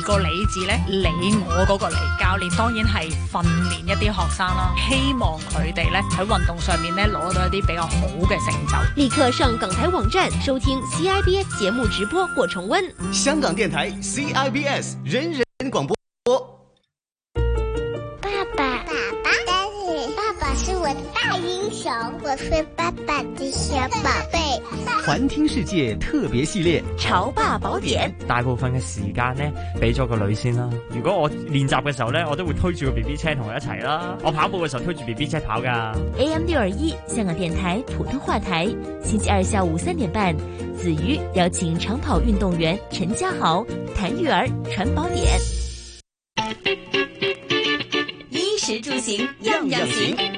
個理智呢，你我嗰個嚟，教練，當然係訓練一啲學生啦，希望佢哋呢喺運動上面呢攞到一啲比較好嘅成就。立刻上港台網站收聽 CIBS 節目直播或重溫。香港電台 CIBS 人人廣播。我爸爸爸爸，爸爸是，爸爸是我的大英雄，我是爸爸的小寶。 環聽世界特別系列《潮爸寶典》。大部分嘅時間呢，俾咗個女先啦、啊。如果我練習嘅時候呢，我都會推住個 B B 車同佢一齊啦、啊。我跑步嘅時候推住 B B 車跑噶。AM 六二一，香港電台普通話台，星期二下午三點半，子瑜邀請長跑運動員陳家豪談育兒傳寶典。衣食住行，樣樣行。樣樣行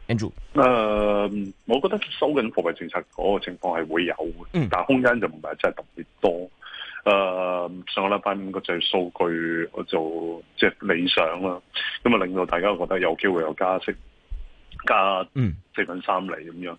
誒，Andrew? uh, 我覺得收緊貨幣政策嗰個情況係會有，但係空間就唔係真係特別多。誒、uh,，上個禮拜五個就係數據我就即係、就是、理想啦，咁啊令到大家覺得有機會有加息加嗯四分三厘咁樣，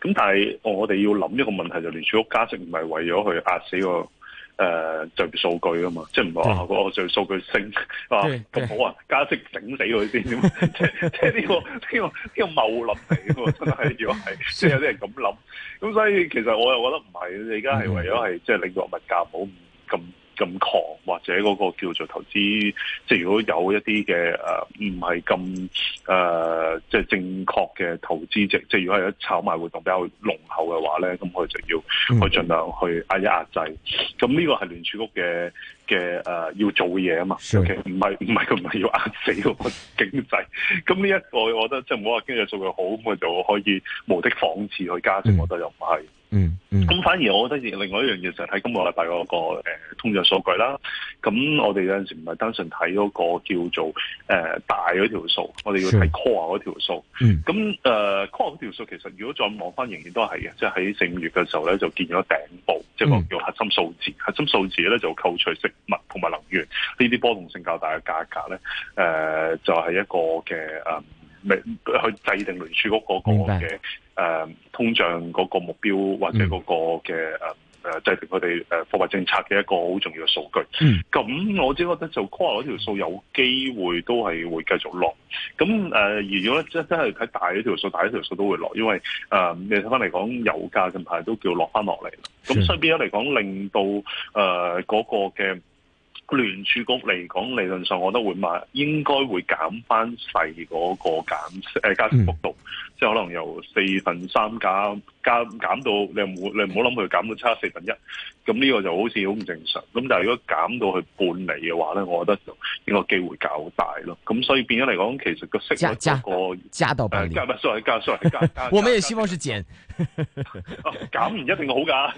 咁但係我哋要諗一個問題，就聯儲局加息唔係為咗去壓死個。誒，就數、呃、據啊嘛，即係唔係話個就數據升，啊咁好啊，加息整死佢先， 即係即係呢個呢、 這個呢、這個謬論嚟嘅，真係要係，係， 即係有啲人咁諗，咁所以其實我又覺得唔係，你而 家係為咗係即係令到物價唔好咁。咁狂或者嗰個叫做投資，即係如果有一啲嘅誒唔係咁誒，即係正確嘅投資值，即係如果係一炒賣活動比較濃厚嘅話咧，咁佢就要去盡量去壓一壓制。咁呢、嗯、個係聯儲局嘅嘅誒要做嘅嘢啊嘛。O K，唔係唔係佢唔係要壓死個 經濟。咁呢一個我覺得即係唔好話經濟數據好，咁我就可以無的放矢去加升，嗯、我覺得又唔係。嗯，咁、嗯、反而我覺得另外一樣嘢，就日睇今、那個禮拜嗰個誒、呃、通脹數據啦。咁我哋有陣時唔係單純睇嗰個叫做誒、呃、大嗰條數，我哋要睇 core 嗰條數。嗯。咁誒 core 條數其實如果再望翻，仍然都係嘅，即係喺四五月嘅時候咧就見咗頂部，即、就、係、是、個叫核心數字。嗯、核心數字咧就扣除食物同埋能源呢啲波動性較大嘅價格咧，誒、呃、就係、是、一個嘅誒、呃，去制定聯儲局嗰個嘅。誒，通脹嗰個目標或者嗰個嘅誒誒，制定佢哋誒貨幣政策嘅一個好重要嘅數據。咁、嗯、我只覺得就 core 嗰條數有機會都係會繼續落。咁誒，呃、而如果真真係睇大嗰條數，大嗰條數都會落，因為誒、呃，你睇翻嚟講，油價近排都叫落翻落嚟。咁所以變咗嚟講，令到誒嗰、呃那個嘅聯儲局嚟講，理論上我覺得會買，應該會減翻細嗰個減誒、呃、加息幅度。嗯即係可能由四分三加加減到，你唔好你唔好諗佢減到差四分一，咁呢個就好似好唔正常。咁但係如果減到去半厘嘅話咧，我覺得應該機會較大咯。咁所以變咗嚟講，其實息會個息個加，加，加到、啊、加釐。加加加加 我咩希望是減、 啊？減唔一定好㗎。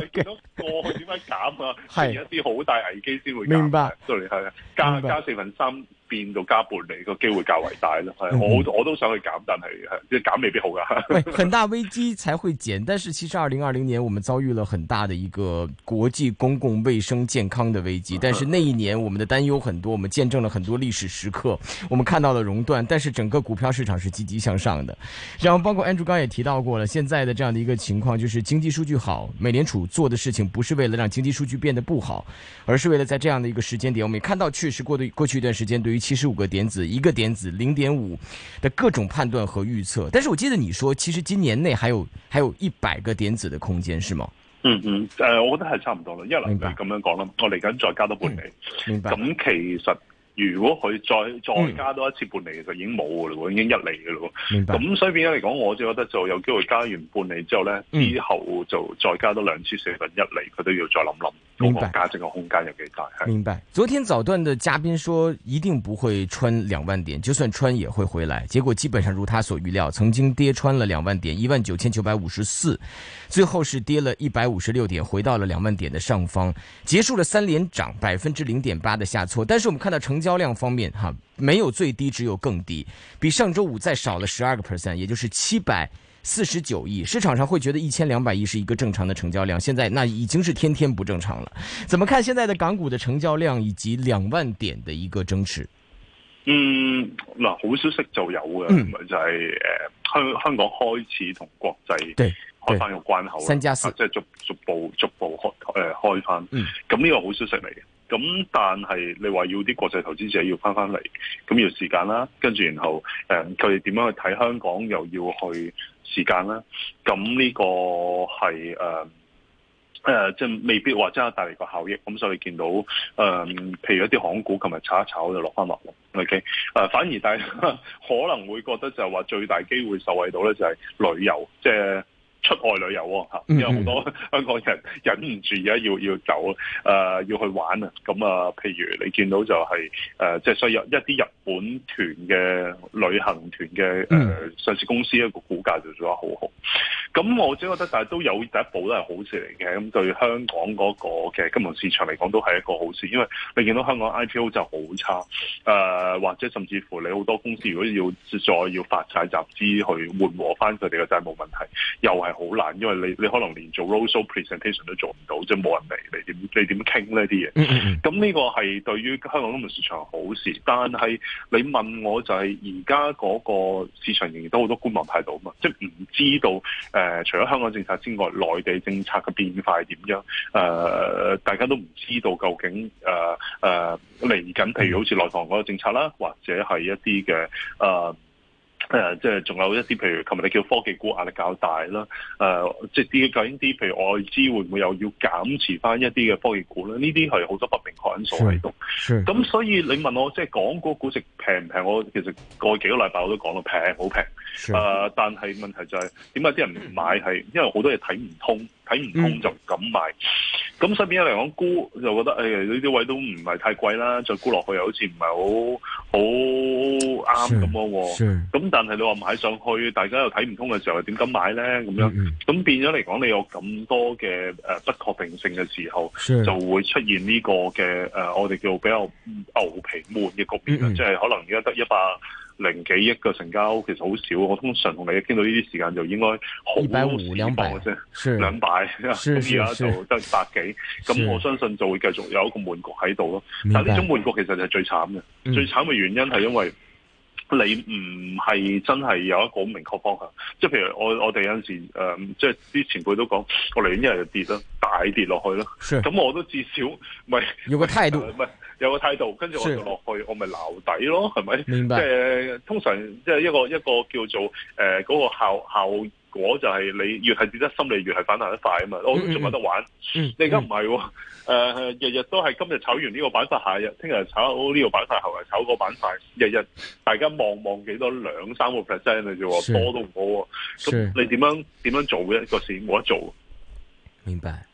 你見 到過去點解減啊？係 一啲好大危機先會減到嚟係啊！加白加四分三。變到加倍，你個機會較為大了。我我都想去減，但係減未必好 喂，很大危機才會減，但是其實二零二零年我們遭遇了很大的一個國際公共衛生健康的危機，但是那一年我們的擔憂很多，我們見證了很多歷史時刻，我們看到了熔斷，但是整個股票市場是積極向上的。然後包括 Andrew 剛也提到過了，現在的這樣的一個情況，就是經濟數據好，美聯儲做的事情不是為了讓經濟數據變得不好，而是為了在這樣的一個時間點，我們看到確實過的過去一段時間對。七十五個點子，一個點子零點五的各種判斷和預測。但是我記得你說，其實今年內還有還有一百個點子的空間，是嗎？嗯嗯，誒、嗯呃，我覺得係差唔多啦。因為明白咁樣講啦，我嚟緊再加多半厘、嗯。明白。咁其實。如果佢再再加多一次半厘，其實已經冇噶啦，嗯、已經一厘噶啦。明白。咁所以變咗嚟講，我就覺得就有機會加完半厘之後呢，嗯、之後就再加多兩次四分一厘，佢都要再諗諗，個價值嘅空間有幾大。明白，是明白。昨天早段的嘉賓說一定不會穿兩萬點，就算穿也會回來。結果基本上如他所預料，曾經跌穿了兩萬點，一萬九千九百五十四，最後是跌了一百五十六點，回到了兩萬點的上方，結束了三連漲百分之零點八的下挫。但是我們看到成。銷量方面，哈，沒有最低，只有更低，比上周五再少了十二個 percent，也就是七百四十九億。市場上會覺得一千兩百億是一個正常的成交量，現在那已經是天天不正常了。怎麼看現在的港股的成交量以及兩萬點的一個增持？嗯，嗱，好消息就有嘅，嗯、就係、是、誒，香、呃、香港開始同國際對開翻個關口，三加四，4, 即係逐逐步逐步開誒、呃、開翻。嗯，咁呢個好消息嚟嘅。咁但係你話要啲國際投資者要翻翻嚟，咁要時間啦，跟住然後誒佢哋點樣去睇香港又要去時間啦，咁呢個係誒、誒、即係未必話真係帶嚟個效益，咁所以你見到誒、呃、譬如一啲航空股琴日炒一炒就落翻落嚟，ok 誒、呃、反而大家可能會覺得就係話最大機會受惠到咧，就係旅遊即係。就是出外旅遊嚇、啊，有好多香港人忍唔住而家要要，要走，誒、呃、要去玩啊！咁啊，譬如你見到就係、是、誒，即、呃、係所以有一啲日本團嘅旅行團嘅、呃、上市公司一個股價就做得好好。咁我只覺得，但係都有第一步都係好事嚟嘅。咁對香港嗰個嘅金融市場嚟講，都係一個好事，因為你見到香港 IPO 就好差，誒、呃、或者甚至乎你好多公司如果要再要發債集資去緩和翻佢哋嘅債務問題，又係。好難，因為你你可能連做 roadshow presentation 都做唔到啫，冇人嚟，你點你點傾呢啲嘢？咁呢個係對於香港金融市場好事，但係你問我就係而家嗰個市場仍然都好多觀望態度啊嘛，即係唔知道誒、呃，除咗香港政策之外，內地政策嘅變化係點樣？誒、呃，大家都唔知道究竟誒誒嚟緊，譬、呃呃、如好似內房嗰個政策啦，或者係一啲嘅誒。呃誒，即係仲有一啲，譬如琴日你叫科技股壓力較大啦，誒、啊，即係啲究竟啲，譬如外資會唔會又要減持翻一啲嘅科技股咧？呢啲係好多不明確因素喺度，咁所以你問我即係港股估值平唔平？我其實過幾個禮拜我都講到平，好平。誒是、啊，但係問題就係點解啲人唔買？係因為好多嘢睇唔通。睇唔通就唔敢買，咁身邊一嚟講沽就覺得，誒呢啲位都唔係太貴啦，再沽落去又好似唔係好好啱咁喎。咁但係你話買上去，大家又睇唔通嘅時候，點敢買咧？咁樣咁、嗯、變咗嚟講，你有咁多嘅誒、呃、不確定性嘅時候，是就會出現呢個嘅誒、呃，我哋叫做比較牛皮悶嘅局面、嗯嗯、即係可能而家得一百。零幾億嘅成交，其實好少。我通常同你傾到呢啲時間，就應該好少啲嘅啫，兩是百。咁而家就得百幾。咁是我相信就會繼續有一個悶局喺度咯。是但係呢種悶局其實就係最慘嘅，嗯、最慘嘅原因係因為你唔係真係有一個好明確方向。即係譬如我我哋有陣時誒即係啲前輩都講，我嚟緊一日就跌啦，大跌落去啦。咁是我都至少唔係。有個態度。呃有個態度，跟住我就落去，我咪留底咯，係咪是？是吧即係通常即係一個一個叫做誒嗰、呃那個效效果就係你越係跌得深，你越係反彈得快啊嘛！嗯嗯嗯我仲有得玩，嗯嗯你而家唔係誒日日都係今日炒完呢個板塊後日，聽日炒呢個板塊後日炒個板塊，日日大家望望幾多兩三個 percent 嘅啫，就是多都唔好咁，是那你點樣點樣做咧？這個事冇得做。明白。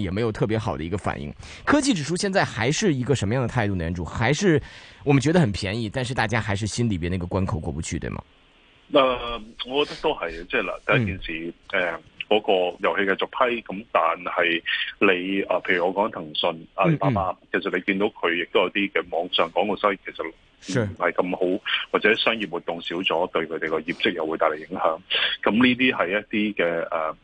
也沒有特別好的一個反應，科技指數現在還是一個什麼樣的態度呢？主還是我們覺得很便宜，但是大家還是心裡邊那個關口過不去對嗎誒、呃，我覺得都係，即係嗱，第一件事誒，嗰、嗯呃嗰個遊戲繼續批，咁但係你誒、呃，譬如我講騰訊、阿里巴巴，其實你見到佢亦都有啲嘅網上廣告收益，其實唔係咁好，或者商業活動少咗，對佢哋個業績又會帶嚟影響。咁呢啲係一啲嘅誒。呃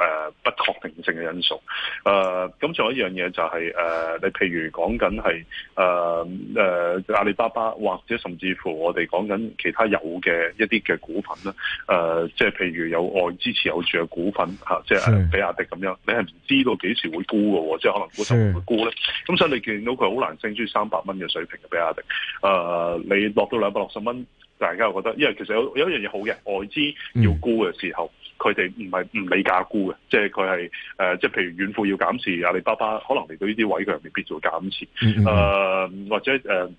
誒、呃、不確定性嘅因素，誒咁仲有一樣嘢就係、是、誒、呃，你譬如講緊係誒誒阿里巴巴，或者甚至乎我哋講緊其他有嘅一啲嘅股份咧，誒、呃、即係譬如有外資持有住嘅股份嚇、啊，即係比亞迪咁樣，你係唔知道幾時會沽嘅喎，即係可能沽就會沽咧，咁是、嗯、所以你見到佢好難升出三百蚊嘅水平嘅比亞迪，誒、呃、你落到兩百六十蚊，大家又覺得，因為其實有有一樣嘢好嘅，外資要沽嘅時候。嗯佢哋唔係唔理假估嘅，即係佢係誒，即係譬如遠付要減持，阿里巴巴可能嚟到呢啲位，佢又未必做減持，誒、嗯嗯呃、或者誒。呃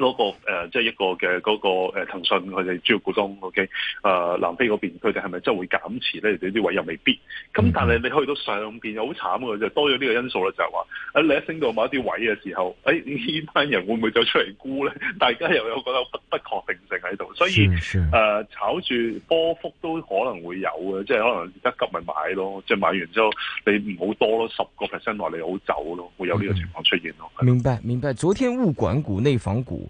嗰、那個、呃、即係一個嘅嗰、那個誒，騰訊佢哋主要股東，OK？誒、呃，南非嗰邊佢哋係咪真會減持咧？啲啲位又未必。咁但係你去到上邊又好慘嘅，就多咗呢個因素啦，就係話喺你一升到某一啲位嘅時候，誒呢班人會唔會走出嚟沽咧？大家又有覺得不不確定性喺度，所以誒是是、呃、炒住波幅都可能會有嘅，即係可能一急急咪買咯，即係買完之後你唔好多咯，十個 percent 話你好走咯，會有呢個情況出現咯。是是明白，明白。昨天物管股、內房股。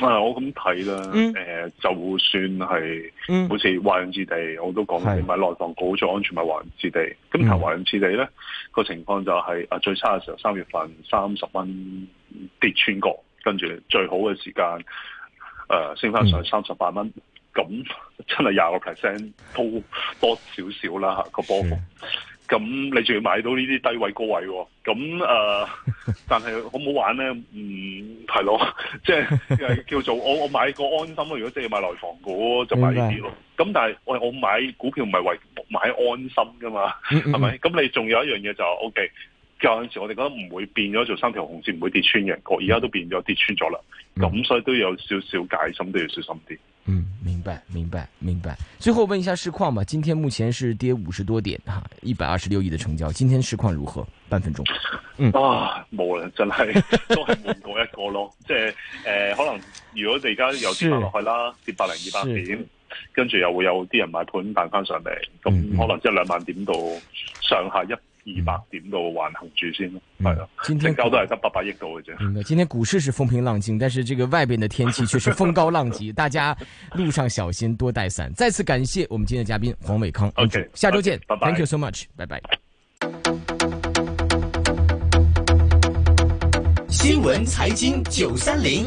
啊，我咁睇啦，誒、嗯呃，就算係，好似華潤置地，嗯、我都講，買的內房股咗安全，買華潤置地。咁、嗯、頭華潤置地咧，個情況就係、是、啊，最差嘅時候三月份三十蚊跌穿過，跟住最好嘅時間，誒、啊，升返上三十八蚊，咁、嗯、真係廿個 percent 都多少少啦嚇個波幅。咁你仲要買到呢啲低位高位喎、哦？咁誒、呃，但係好唔好玩咧？唔係咯，即係、就是、叫做我我買個安心咯。如果真係買內房股，就買呢啲咯。咁吧但係我我買股票唔係為買安心㗎嘛？係咪？咁、嗯嗯、你仲有一樣嘢就 O K。Okay. 有陣時我哋覺得唔會變咗做三條紅線，唔會跌穿嘅，而家都變咗跌穿咗啦。咁、嗯、所以都有少少戒心，都要小心啲。嗯，明白，明白，明白。最後問一下市況吧。今天目前是跌五十多點，哈，一百二十六億嘅成交。今天市況如何？半分鐘。嗯，啊，冇啦，真係都係換過一個咯。 即係誒、呃，可能如果我哋而家有跌翻落去啦，是跌百零二百點，跟住是又會有啲人買盤彈翻上嚟，咁、嗯嗯、可能即係兩萬點到上下一二百點度橫行住先係啊，嗯、的今天我都係得八百億度嘅啫、嗯。今天股市是風平浪靜，但是這個外面的天氣卻是風高浪急， 大家路上小心，多帶傘。再次感謝我們今天的嘉賓黃偉康。OK，下周見，拜拜，okay,。Thank you so much，拜拜。新聞財經九三零。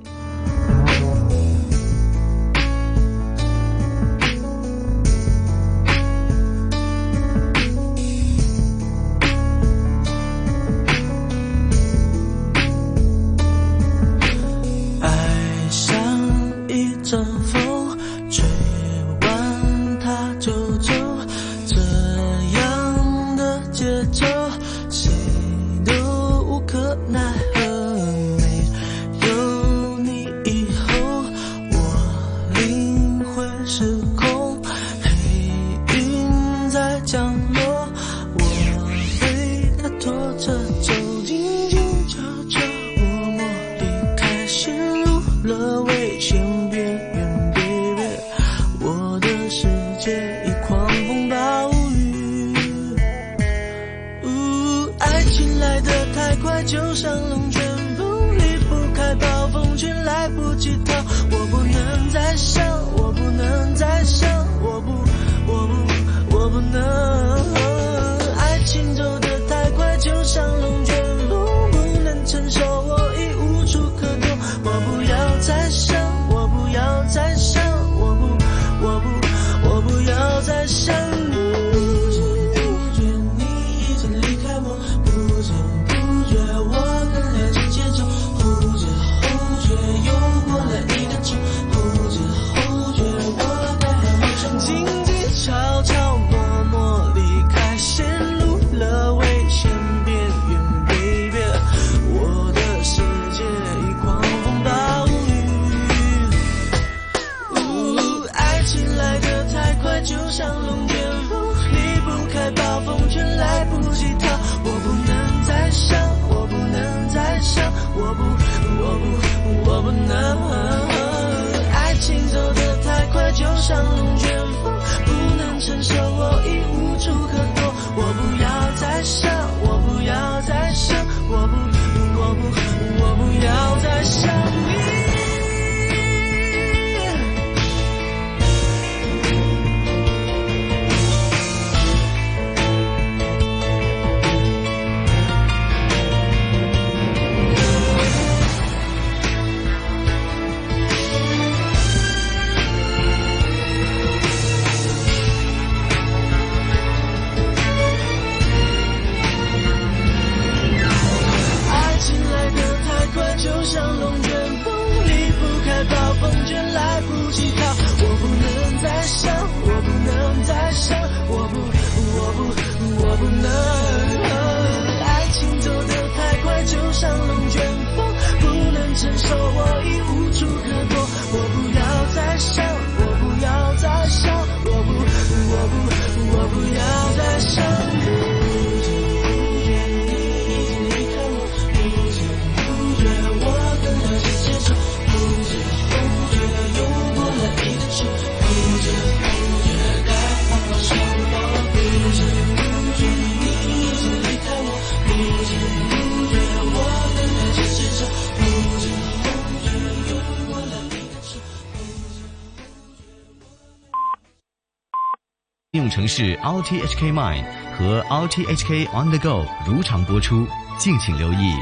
城市 R T H K Mind 和 R T H K On The Go 如常播出，敬請留意。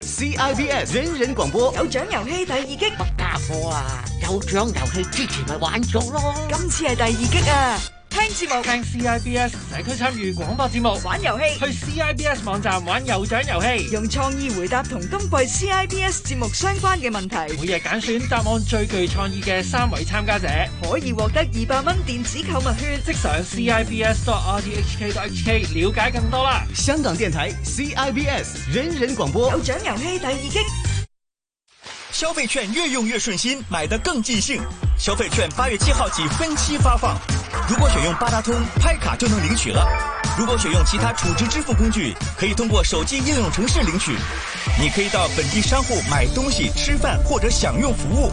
C I B S 人人廣播有獎遊戲第二擊，乜家伙啊？有獎遊戲之前咪玩咗咯，今次係第二擊啊！聽節目，聽 C I B S 社區參與廣播節目，玩遊戲，去 C I B S 網站玩有獎遊戲，用創意回答同今季 C I B S 節目相關嘅問題，每日揀選答案最具創意嘅三位參加者，可以獲得二百蚊電子購物券，即上 cibs.rthk.hk 了解更多啦。香港電台 CIBS 人人廣播，有獎遊戲第二期。消費券越用越順心，買得更盡興。消費券八月七號起分期發放，如果選用八達通拍卡就能領取了。如果選用其他儲值支付工具，可以通過手機應用程式領取。你可以到本地商戶買東西、吃飯或者享用服務。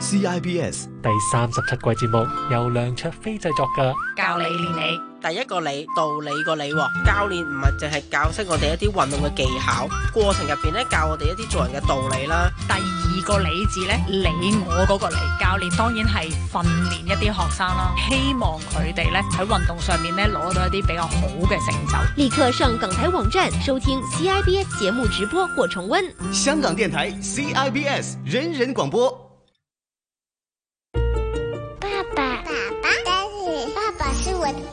CIBS 第三十七季節目由梁卓飛製作嘅，教你練你第一個你道理個你，教練唔係淨係教識我哋一啲運動嘅技巧，過程入邊咧教我哋一啲做人嘅道理啦。第二個你字咧你我嗰個你，教練當然係訓練一啲學生啦，希望佢哋咧喺運動上面咧攞到一啲比較好嘅成就。立刻上港台網站收聽 CIBS 節目直播或重溫。香港電台 CIBS 人人廣播。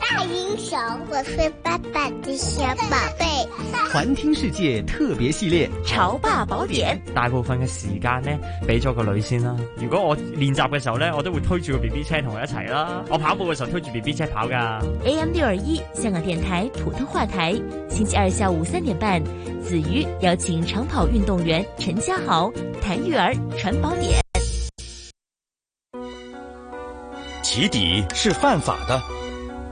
大英雄，我是爸爸的小寶貝。環聽世界特別系列《潮爸寶典》，大部分嘅時間呢，俾咗個女先啦、啊。如果我練習嘅時候呢，我都會推住個 B B 車同佢一齊啦、啊。我跑步嘅時候推住 B B 車跑噶。AM 六二一，香港電台普通話台，星期二下午三點半，子瑜邀請長跑運動員陳嘉豪、譚玉兒《傳寶典》。起底是犯法的。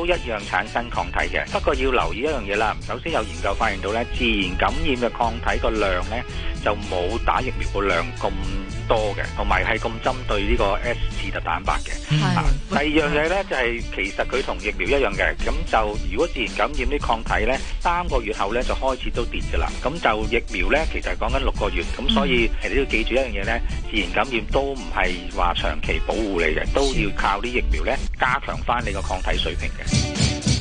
都一樣產生抗體嘅，不過要留意一樣嘢啦。首先有研究發現到咧，自然感染嘅抗體個量咧，就冇打疫苗個量咁，多嘅，同埋係咁針對呢個 S 刺突蛋白嘅、嗯嗯啊。第二樣嘢呢就係、是，其實佢同疫苗一樣嘅。咁就如果自然感染啲抗體呢，三個月後呢就開始都跌嘅啦。咁就疫苗呢，其實係講緊六個月。咁所以你要記住一樣嘢呢，自然感染都唔係話長期保護你嘅，都要靠啲疫苗呢加強翻你個抗體水平嘅。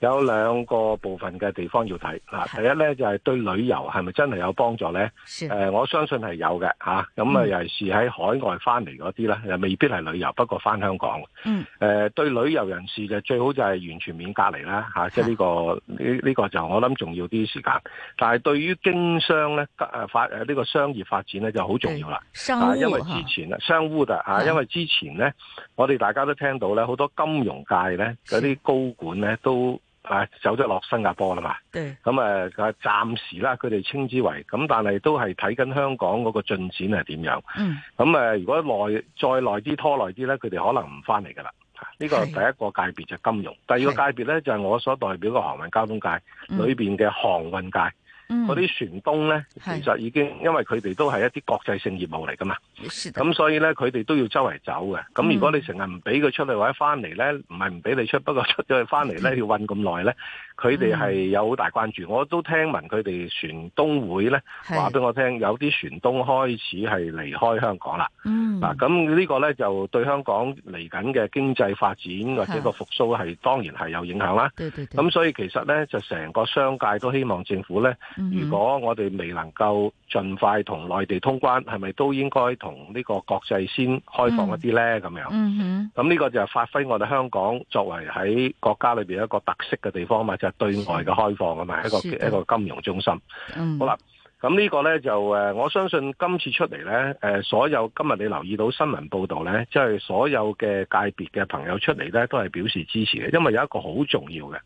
有兩個部分嘅地方要睇嗱，第一咧就係、是、對旅遊係咪真係有幫助咧？誒是、呃，我相信係有嘅吓。咁啊，尤其是喺海外翻嚟嗰啲咧，嗯、又未必係旅遊，不過翻香港。嗯。誒、呃，對旅遊人士嘅最好就係完全免隔離啦吓，即係、這、呢個呢呢是個就我諗重要啲時間。但係對於經商咧，誒發誒呢個商業發展咧就好重要啦。商務因為之前啊，商務嘅吓，因為之前咧、啊是，我哋大家都聽到咧，好多金融界咧嗰啲高管咧都。啊，走咗落新加坡啦嘛，咁誒對，嗯、暫時啦，佢哋稱之為，咁但係都係睇緊香港嗰個進展係點樣，咁誒、嗯嗯，如果來再耐啲拖耐啲咧，佢哋可能唔翻嚟噶啦，呢、這個第一個界別是就金融，第二個界別咧是就係我所代表嘅航運交通界裏邊嘅航運界。嗯嗰啲船東咧，嗯、其實已經因為佢哋都係一啲國際性業務嚟噶嘛，咁的所以咧佢哋都要周圍走嘅。咁如果你成日唔俾佢出去或者翻嚟咧，唔係唔俾你出，不過出咗去翻嚟咧要韫咁耐咧。佢哋係有好大關注，我都聽聞佢哋船東會呢話俾我聽，有啲船東開始係離開香港啦。嗱，咁呢個呢，就對香港嚟緊嘅經濟發展或者個復甦係當然係有影響啦。咁所以其實呢，就成個商界都希望政府呢，如果我哋未能夠，盡快同內地通關，係咪都應該同呢個國際先開放一啲呢？咁、mm hmm. 樣，咁呢個就係發揮我哋香港作為喺國家裏邊一個特色嘅地方嘛，就係、是、對外嘅開放啊嘛，的一個的一個金融中心。Mm hmm. 好啦。咁呢個呢，就誒，我相信今次出嚟呢，誒，所有今日你留意到新聞報道呢，即係所有嘅界別嘅朋友出嚟呢，都係表示支持嘅。因為有一個好重要嘅，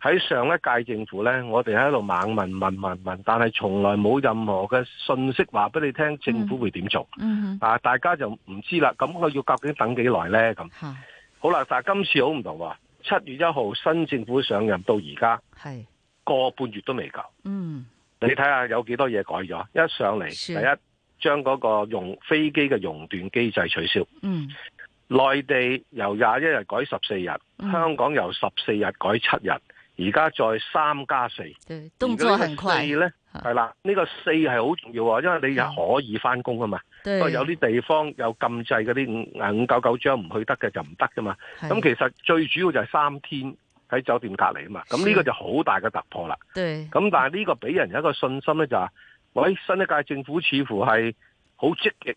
喺的上一屆政府呢，我哋喺度猛問問問問，但係從來冇任何嘅信息話俾你聽政府會點做，嗯、哼啊，大家就唔知啦。咁我要究竟等幾耐呢？咁的好啦，但係今次好唔同啊！七月一號新政府上任到而家，係的個半月都未夠。嗯。你睇下有幾多嘢改咗？一上嚟，是第一將嗰個用飛機嘅熔斷機制取消。嗯，內地由廿一日改十四日，嗯、香港由十四日改七日，4，而家再三加四。都唔做人規。第二咧，係啦，呢、這個四係好重要啊，因為你又可以返工啊嘛。不過對有啲地方有禁制嗰啲五五九九章唔去得嘅就唔得㗎嘛。咁是其實最主要就係三天。喺酒店隔離啊嘛，咁呢個就好大嘅突破啦。咁但係呢個俾人有一個信心咧，就係，喂，新一屆政府似乎係好積極。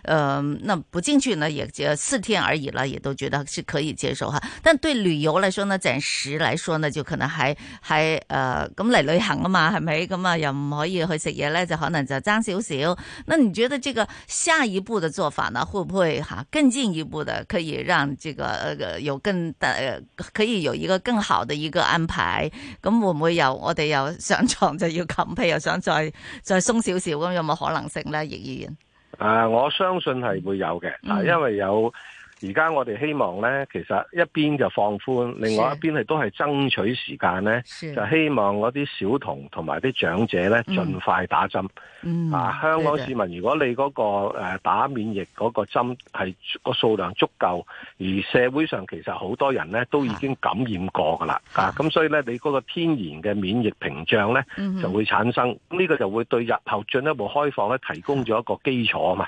呃、嗯、那不進去呢，也就四天而已了，也都覺得是可以接受哈。但對旅遊來說呢，暫時來說呢，就可能還還誒咁嚟旅行啊嘛，係咪咁啊？又唔可以去食嘢咧，就可能就爭少少。那你覺得這個下一步的做法呢，會不會哈更進一步的可以讓這個呃有更大可以有一個更好的一個安排？咁會唔會有，我哋要上床就要冚被，又想再再鬆少少咁，有冇可能性呢？易議員？啊！我相信係會有嘅，啊，因為有。而家我哋希望呢，其實一邊就放寬，另外一邊係是都係爭取時間呢是就希望嗰啲小童同埋啲長者呢，嗯、盡快打針。嗯、啊，香港市民，如果你嗰、嗰個、呃、打免疫嗰個針係個數量足夠，而社會上其實好多人呢，都已經感染過㗎啦。啊，咁、啊啊、所以呢，你嗰個天然嘅免疫屏障呢，嗯、哼就會產生，呢個就會對日後進一步開放呢，提供咗一個基礎啊嘛。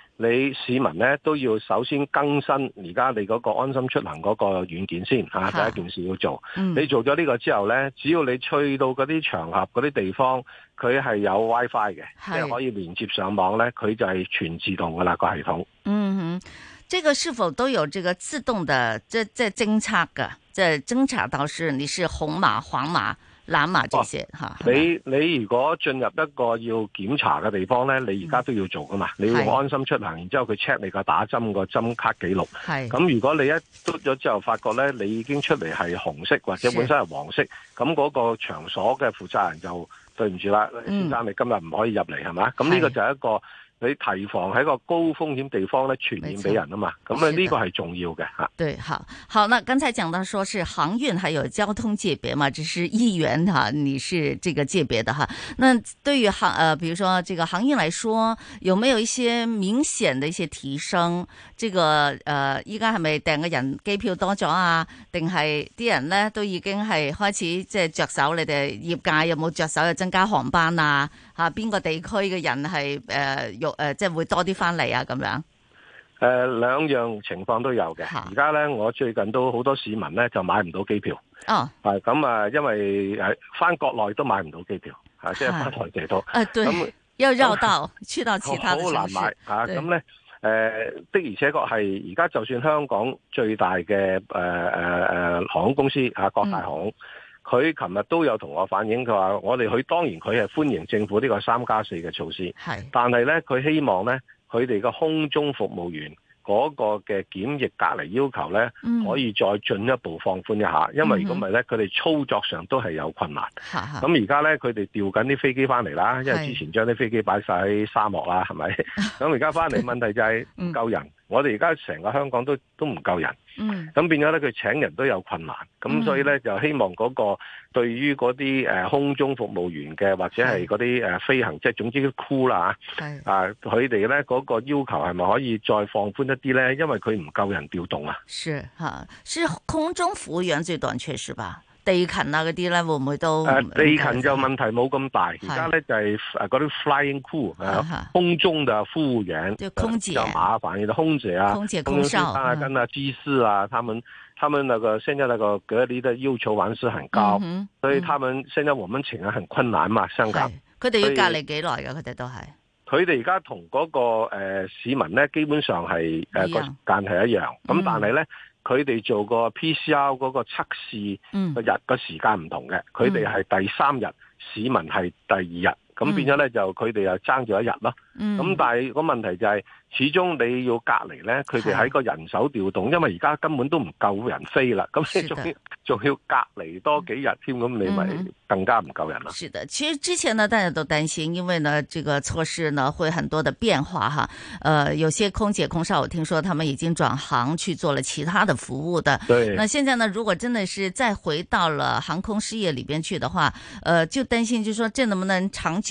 你市民咧都要首先更新而家你嗰個安心出行嗰個軟件先吓，是第一件事要做。嗯、你做咗呢個之後咧，只要你去到嗰啲場合、嗰啲地方，佢係有 WiFi 嘅，即係是可以連接上網咧，佢就係全自動噶啦個系統。嗯，哼，這個是否都有這個自動的即係偵測噶？即係偵測到是你是紅碼、黃碼？攬麻、啊、你你如果進入一個要檢查嘅地方呢，你而家都要做噶嘛，你要安心出行，然之後佢 check 你個打針個針卡記錄。咁的，如果你一嘟咗之後，發覺呢，你已經出嚟係紅色或者本身係黃色，咁嗰的個場所嘅負責人就對唔住啦，嗯、先生你今日唔可以入嚟係嘛？咁呢個就係一個。你提防喺個高風險地方咧傳染俾人啊嘛，咁啊呢個係重要嘅嚇。對，好好，那剛才講到，說是航運，還有交通界別嘛，只是議員嚇、啊，你是這個界別的哈。那對於航，呃，比如說這個航運來說，有沒有一些明顯的一些提升？呢個誒，依家係咪訂嘅人機票多咗啊？定係啲人咧，都已經係開始即係着手？你哋業界有冇着手去增加航班啊？吓，邊個地區嘅人係誒誒即係會多啲翻嚟啊？咁樣誒，兩樣情況都有嘅。而家咧，我最近都好多市民咧就買唔到機票。哦，啊咁啊，因為誒翻國內都買唔到機票，即係返台地多啊，對，要繞道出到其他地方。好難買咁咧。對啊誒、呃、的而且確係而家就算香港最大嘅誒誒誒航空公司啊，各大行，佢琴日都有同我反映，佢話我哋佢當然佢係歡迎政府呢個三加四嘅措施，是但係咧佢希望咧佢哋個空中服務員。嗰個嘅檢疫隔離要求咧，嗯、可以再進一步放寬一下，因為如果唔係咧，佢哋、嗯、哼操作上都係有困難。咁而家咧，佢哋調緊啲飛機翻嚟啦，因為之前將啲飛機擺晒喺沙漠啦，係咪是？咁而家翻嚟， 問題就係唔夠人。 嗯我哋而家成個香港都都唔夠人，咁變咗咧，佢請人都有困難，咁所以咧就希望嗰個對於嗰啲誒空中服務員嘅，或者係嗰啲誒飛行是即係總之都 crew 啦，吓啊佢哋咧嗰個要求係咪可以再放寬一啲咧？因為佢唔夠人調動啊。是吓，是空中服務員最短缺，是吧？地勤啊，嗰啲咧會唔會都？誒地勤就問題冇咁大，而家咧就係誒嗰啲 flying crew，空中嘅係服務員，比較麻煩啲。空姐啊，空姐空少啊，跟啊機師啊，他們他們那個現在那個隔離的要求還是很高，所以他們現在我們情況很困難嘛，相隔。佢哋要隔離幾耐㗎？佢哋都係。佢哋而家同嗰個誒市民咧，基本上係誒個時間係一樣咁，但係咧。佢哋做 PC 個 PCR 嗰個測試個日個時間唔同嘅，佢哋係第三日，市民係第二日。咁、嗯、變咗咧就佢哋又爭咗一日咯，咁、嗯、但係個問題就係、是、始終你要隔離咧，佢哋喺個人手調動，的因為而家根本都唔夠人飛啦，咁仲仲要隔離多幾日添，咁、嗯、你咪更加唔夠人啦。是的，其實之前呢，大家都擔心，因為呢，這個措施呢會很多的變化哈。呃，有些空姐空少，我聽說他們已經轉行去做了其他的服務的。對，那現在呢，如果真的是再回到了航空事業裏邊去的話，呃，就擔心，就是說這能不能長期？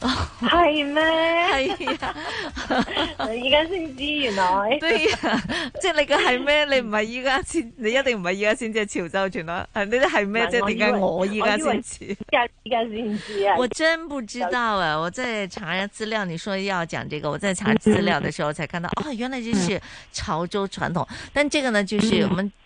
係咩？係啊、哦！而家先知原來。 對啊，即、就、係、是、你嘅係咩？你唔係依家先，你一定唔係依家先知潮州傳統。係呢啲係咩？即係點解我依家先知？依家依家先知啊！我真不知道啊！我再查下資料。你說要講這個，我再查資料的時候，我才看到哦，原來這是潮州傳統。嗯、但這個呢，就是我們。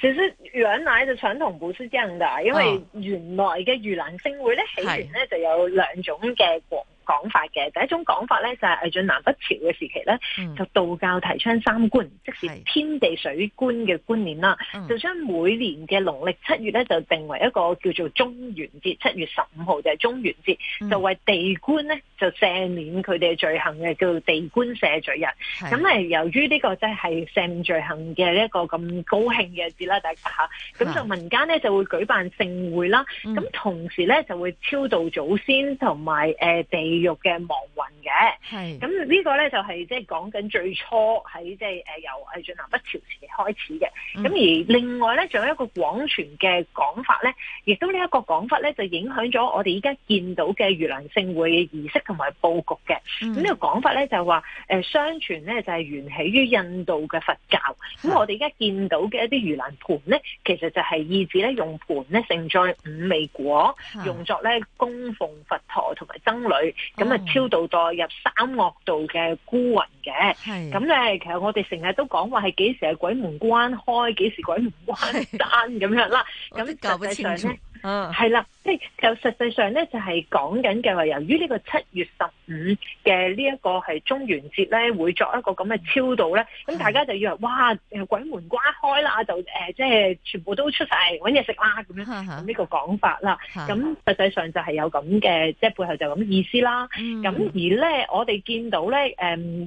其實原來嘅傳統唔係噉樣噶，因為原來嘅盂蘭勝會咧起源咧就有兩種嘅廣。講法嘅第一種講法咧就係魏晉南北朝嘅時期咧，嗯、就道教提倡三官，是即是天地水官嘅觀念啦，嗯、就將每年嘅農曆七月咧就定為一個叫做中元節，七月十五號就係中元節，嗯、就為地官咧就赦免佢哋嘅罪行嘅叫做地官赦罪日。咁係是由於呢個即係赦免罪行嘅一個咁高興嘅節啦，大家吓，咁、嗯、就民間咧就會舉辦盛會啦，咁、嗯、同時咧就會超度祖先同埋誒地。地獄嘅亡魂嘅，係咁呢個咧就係即係講緊最初喺即係誒由魏晉南北朝時期開始嘅，咁而另外咧仲有一個廣傳嘅講法咧，亦都呢一個講法咧就影響咗我哋而家見到嘅盂蘭勝會儀式同埋布局嘅。咁呢、嗯、個講法咧就話誒、呃、相傳咧就係源起於印度嘅佛教，咁我哋而家見到嘅一啲盂蘭盆咧，其實就係意指咧用盆咧盛載五味果，用作咧供奉佛陀同埋僧侶。咁啊，嗯、超度墮入三惡道嘅孤魂嘅，咁咧係、嗯，其實我哋成日都講話係幾時係鬼門關開，幾時鬼門關閂咁係樣啦，咁、嗯、實際上咧，係啦、啊。即係又實際上咧，就係講緊嘅話，由於呢個七月十五嘅呢一個係中元節咧，會作一個咁嘅超度咧，咁是大家就以為哇，鬼門關開啦，就即係、呃、全部都出晒嚟揾嘢食啦，咁咁呢個講法啦。咁、啊、實際上就係有咁嘅，即係背後就咁意思啦。咁、嗯、而咧，我哋見到咧，誒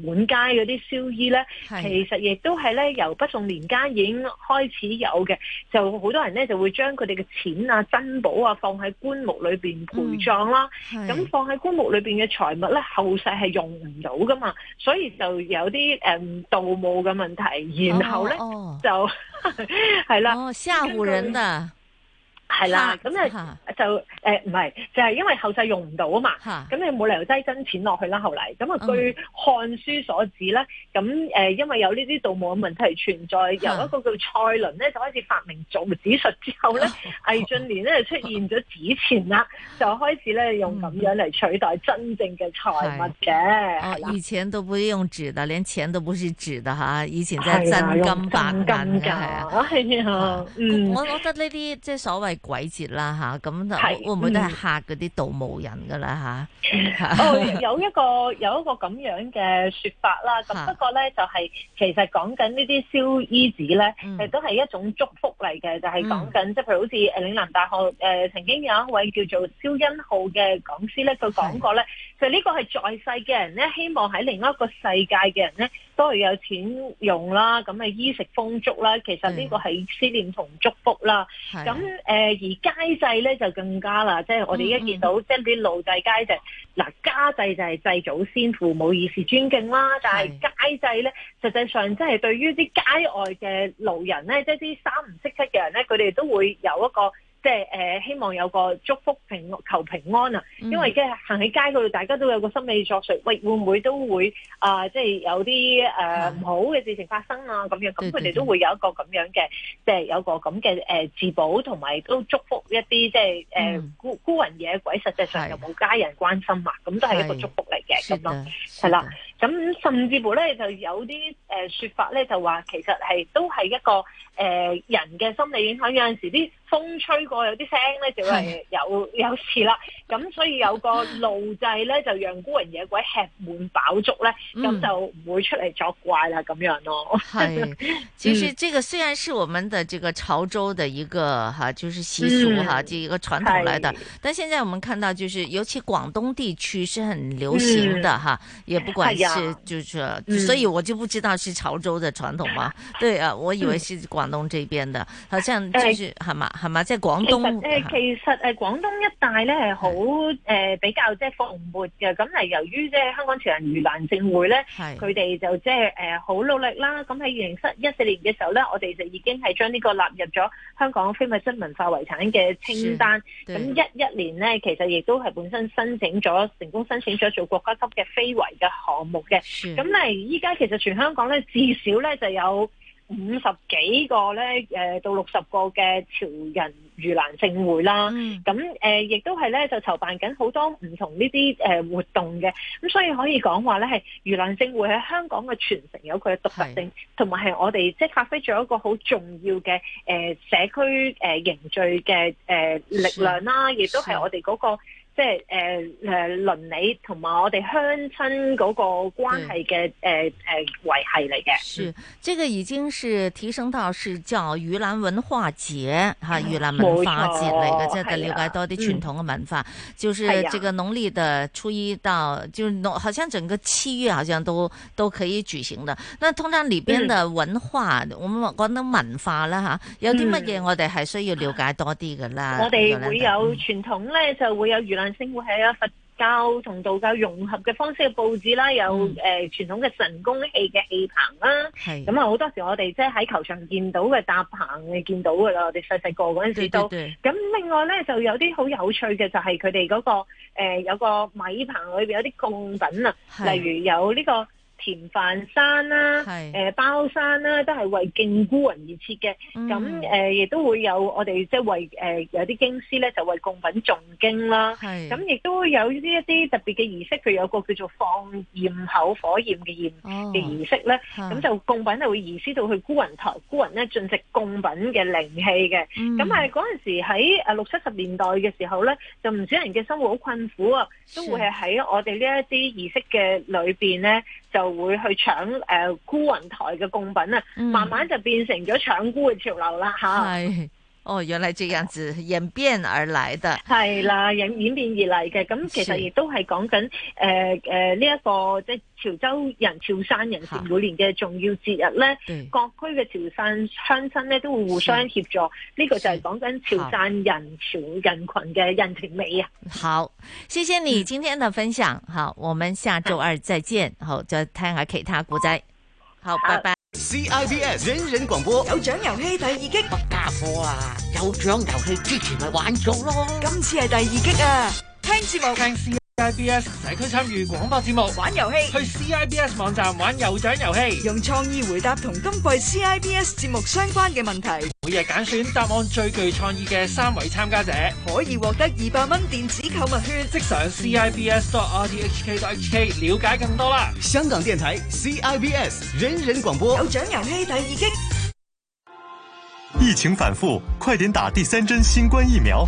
滿街嗰啲燒衣咧，啊、其實亦都係咧由北宋年間已經開始有嘅，就好多人咧就會將佢哋嘅錢啊、珍寶啊放喺。喺棺木裏邊陪葬啦，咁、嗯、放喺棺木裏邊嘅財物咧，後世係用唔到噶嘛，所以就有啲誒盜墓嘅問題，然後咧、哦哦、就係 啦，嚇唬、哦、人啊！這個係啦，咁你就誒唔係，就係因為後世用唔到啊嘛，咁你冇理由擠真錢落去啦，後嚟。咁啊據《漢書》所指咧，咁誒因為有呢啲盜墓嘅問題存在，由一個叫蔡倫咧就開始發明造紙術之後咧，魏晉年咧就出現咗紙錢啦，就開始咧用咁樣嚟取代真正嘅財物嘅。以前都不用紙的，連錢都不是紙的吓，以前真係真金白銀嘅。係啊，嗯，我我覺得呢啲即係所謂。鬼節啦吓，咁會唔會都係吓嗰啲盜墓人噶啦吓？哦、嗯， 有一個有一個咁樣嘅說法啦，咁是不過咧就係、是、其實講緊呢啲燒衣紙咧，嗯、都係一種祝福嚟嘅，就係講緊即係譬如好似嶺南大學誒、呃、曾經有一位叫做蕭欣浩嘅講師咧，佢講過咧，是就呢個係在世嘅人咧，希望喺另一個世界嘅人咧。都係有錢用啦，咁啊衣食豐足啦，其實呢個係思念同祝福啦。咁誒而街祭咧就更加啦，即、就、係、是、我哋而家見到嗯嗯即係啲路祭街祭。嗱家祭就係祭祖先、父母以示尊敬啦。但係街祭咧，的實際上即係對於啲街外嘅路人咧，即係啲三唔識七嘅人咧，佢哋都會有一個，即係誒，希望有個祝福平求平安啊！因為即係、嗯、行喺街嗰度，大家都有個心理作祟，喂，會唔會都會啊？即、呃、係、就是、有啲誒唔好嘅事情發生啊？咁樣，咁佢哋都會有一個咁樣嘅，即、就、係、是、有個咁嘅誒自保，同埋都祝福一啲即係誒孤孤魂野鬼，實際上又冇家人關心嘛、啊，咁是都係一個祝福嚟嘅咁咯，係啦。咁甚至乎咧，就有啲誒説法咧，就話其實係都係一個誒、呃、人嘅心理影響，有陣時啲。風吹過有啲聲呢，就係有是有，有事啦。咁、嗯、所以有個路祭呢，就讓孤魂野鬼吃滿飽足呢。咁、嗯嗯、就唔會出嚟作怪啦。咁樣咯。係，其實這個雖然是我們的這個潮州的一個哈、啊，就是習俗哈，嗯啊、一個傳統來的。是但現在我們看到，就是尤其廣東地區是很流行的哈、嗯啊，也不管是就是，是呀所以我就不知道是潮州的傳統嘛。嗯、對啊，我以為是廣東這邊的，好像就是好嘛。是係嘛？即係廣東誒、呃，其實誒廣、呃、東一帶咧係好誒比較即係蓬勃嘅。咁嚟由於即係香港潮人盂蘭勝會咧，佢哋是就即係誒好努力啦。咁喺二零一四年嘅時候咧，我哋就已經係將呢個納入咗香港非物質文化遺產嘅清單。咁一一年咧，其實亦都係本身申請咗成功申請咗做國家級嘅非遺嘅項目嘅。咁嚟依家其實全香港咧，至少咧就有。五十幾個咧，誒到六十個嘅潮人盂蘭勝會啦，咁誒亦都係咧就籌辦緊好多唔同呢啲誒活動嘅，咁、嗯、所以可以講話咧係盂蘭勝會喺香港嘅傳承有佢嘅獨特性，同埋係我哋即係發揮咗一個好重要嘅誒、呃、社區誒、呃、凝聚嘅誒、呃、力量啦，亦都係我哋嗰、那個。即係誒誒倫理同埋我哋鄉親嗰個關係嘅誒誒維繫嚟嘅。嗯呃、是，這個已經是提升到是叫盂蘭文化節，吓盂蘭文化節嚟嘅，即係了解多啲傳統嘅文化。嗯、就是這個農曆的初一到，啊、就農，好像整個七月，好像都都可以舉行的。那通常裏邊的文化，嗯、我們講到文化啦，吓、啊、有啲乜嘢我哋係需要了解多啲噶啦。嗯、我哋會有傳統咧，嗯、就會有盂蘭。生活係啊，佛教同道教融合嘅方式嘅布置啦，有誒、嗯呃、傳統嘅神功戲嘅戲棚啦、啊，係咁啊，好多時我哋即係喺球場見到嘅搭棚，你見到噶啦，我哋細細個嗰陣時都，咁對另外咧就有啲好有趣嘅就係佢哋嗰個誒、呃、有個米棚裏邊有啲供品啊，是的 例如有呢、這個。田凡山啦、啊是呃，包山啦、啊，都係為敬孤魂而設嘅。咁亦、嗯呃、都會有我哋即係為、呃、有啲經師咧，就為供品誦經啦。咁亦是都有呢一啲特別嘅儀式，譬如有個叫做放焰口火焰嘅焰嘅儀式咧。咁、哦、就供品係會移師到去孤魂台，孤魂咧進食供品嘅靈氣嘅。咁係嗰陣時喺誒，六七十年代嘅時候咧，就唔少人嘅生活好困苦啊，都會係喺我哋呢一啲儀式嘅裏面咧。就會去搶誒，孤雲台嘅供品啊，慢慢就變成咗搶孤嘅潮流啦，吓。哦，原來這樣子演變而來的，係啦，演演變而嚟嘅，咁其實亦都係講緊誒誒呢一個即係潮州人潮汕人士每年嘅重要節日咧，各區嘅潮汕鄉親咧都會互相協助，呢是個就係講緊潮汕人潮人群嘅人情味啊！好，謝謝你今天的分享，嗯、好，我們下周二再見，嗯、好，再睇下其他古仔，好，好，好，拜拜。CIBS 人人廣播有獎遊戲第二擊，乜傢伙啊！有獎遊戲之前咪玩咗咯，今次係第二擊啊！聽節目聽 CIBS 社區參與廣播節目，玩遊戲去 CIBS 網站玩有獎遊戲，用創意回答同今季 CIBS 節目相關嘅問題。每日揀選答案最具創意嘅三位參加者，可以獲得二百蚊電子購物券，即上 CIBS dot RTHK dot HK 了解更多啦。香港電台 CIBS 人人廣播有獎遊戲第二擊。疫情反覆，快點打第三針新冠疫苗。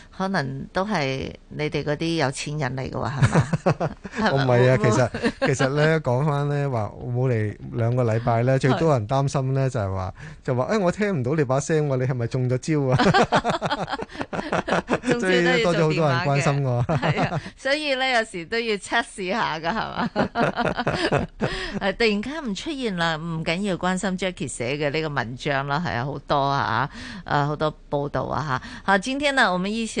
可能都係你哋啲有錢人嚟嘅話， 吧我唔係啊 其。其實其實咧，講翻咧話，冇嚟兩個禮拜咧，最多人擔心咧就係話，的就話誒、哎，我聽唔到你把聲，你係咪中咗招啊？即 係多咗好多人關心我。係 啊，所以咧有時都要測試下噶，係嘛？誒、 啊，突然間唔出現啦，唔緊要。關心 Jackie 寫嘅呢個文章啦，係啊，好多啊吓，誒，好多報道啊吓。吓、啊，今天啊，我們依次。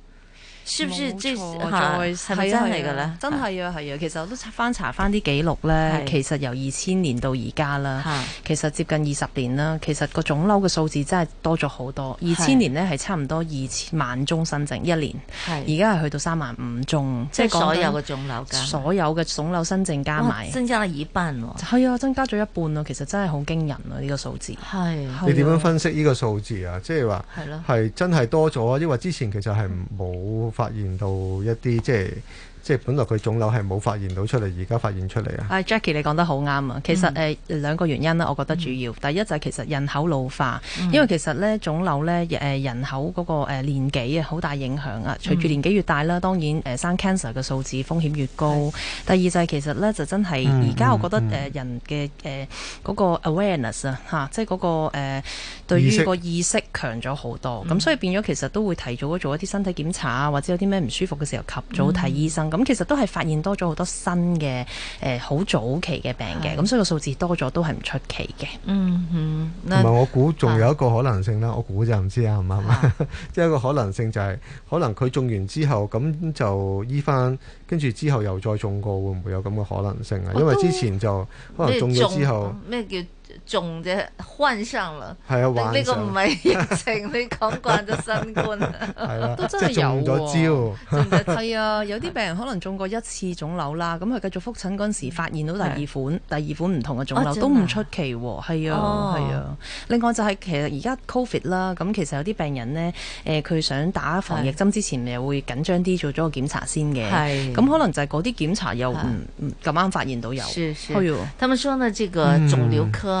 知唔知即係咪真係嘅咧？真係啊，係啊！其實我都翻查翻啲記錄咧，其實由二千年到而家啦，其實接近二十年啦，其實個腫瘤嘅數字真係多咗好多。二千年咧係差唔多二萬宗新症一年，而家係去到三萬五宗，即係所有嘅腫瘤。所有嘅腫瘤新症加埋，增加咗一半喎。係啊，增加咗一半咯，其實真係好驚人咯，呢個數字。係你點樣分析呢個數字啊？即係話係真係多咗，因為之前其實係冇。發現到一啲即係。就是即係本來佢腫瘤係冇發現到出嚟，而家發現出嚟啊！Jackie，你講得好啱啊！其實誒兩、嗯、個原因咧，我覺得主要第一就係其實人口老化，嗯、因為其實咧腫瘤咧人口嗰個年紀啊，好大影響啊！隨住、嗯、年紀越大啦，當然、呃、生 cancer 嘅數字風險越高。是第二就係其實咧就真係而家我覺得、嗯呃、人嘅誒嗰個 awareness 啊，嚇、那個，即係嗰個誒對於個意識強咗好多，咁識所以變咗其實都會提早做一啲身體檢查啊，或者有啲咩唔舒服嘅時候及早睇醫生。嗯咁其實都係發現多咗好多新嘅誒，好、呃、早期嘅病嘅，咁的所以個數字多咗都係唔出奇嘅、嗯。嗯哼，唔係我估，仲有一個可能性啦。我估就唔知啦，係咪啊？即係一個可能性就係、是，可能佢中完之後，咁就醫返，跟住之後又再中過，會唔會有咁嘅可能性啊？也因為之前就可能中咗之後咩叫？種嘅患上了，係啊，呢個唔係疫情，你講慣咗新冠，係啦，都真係有咗。係啊，有啲病人可能中過一次腫瘤啦，咁佢繼續覆診嗰陣時發現到第二款，第二款唔同嘅腫瘤，都唔出奇喎。係啊，係啊。另外就係其實而家 Covid 啦，咁其實有啲病人呢，誒，佢想打防疫針之前又會緊張啲做咗個檢查先嘅，咁可能就係嗰啲檢查又唔咁啱發現到有。佢哋說呢個腫瘤科。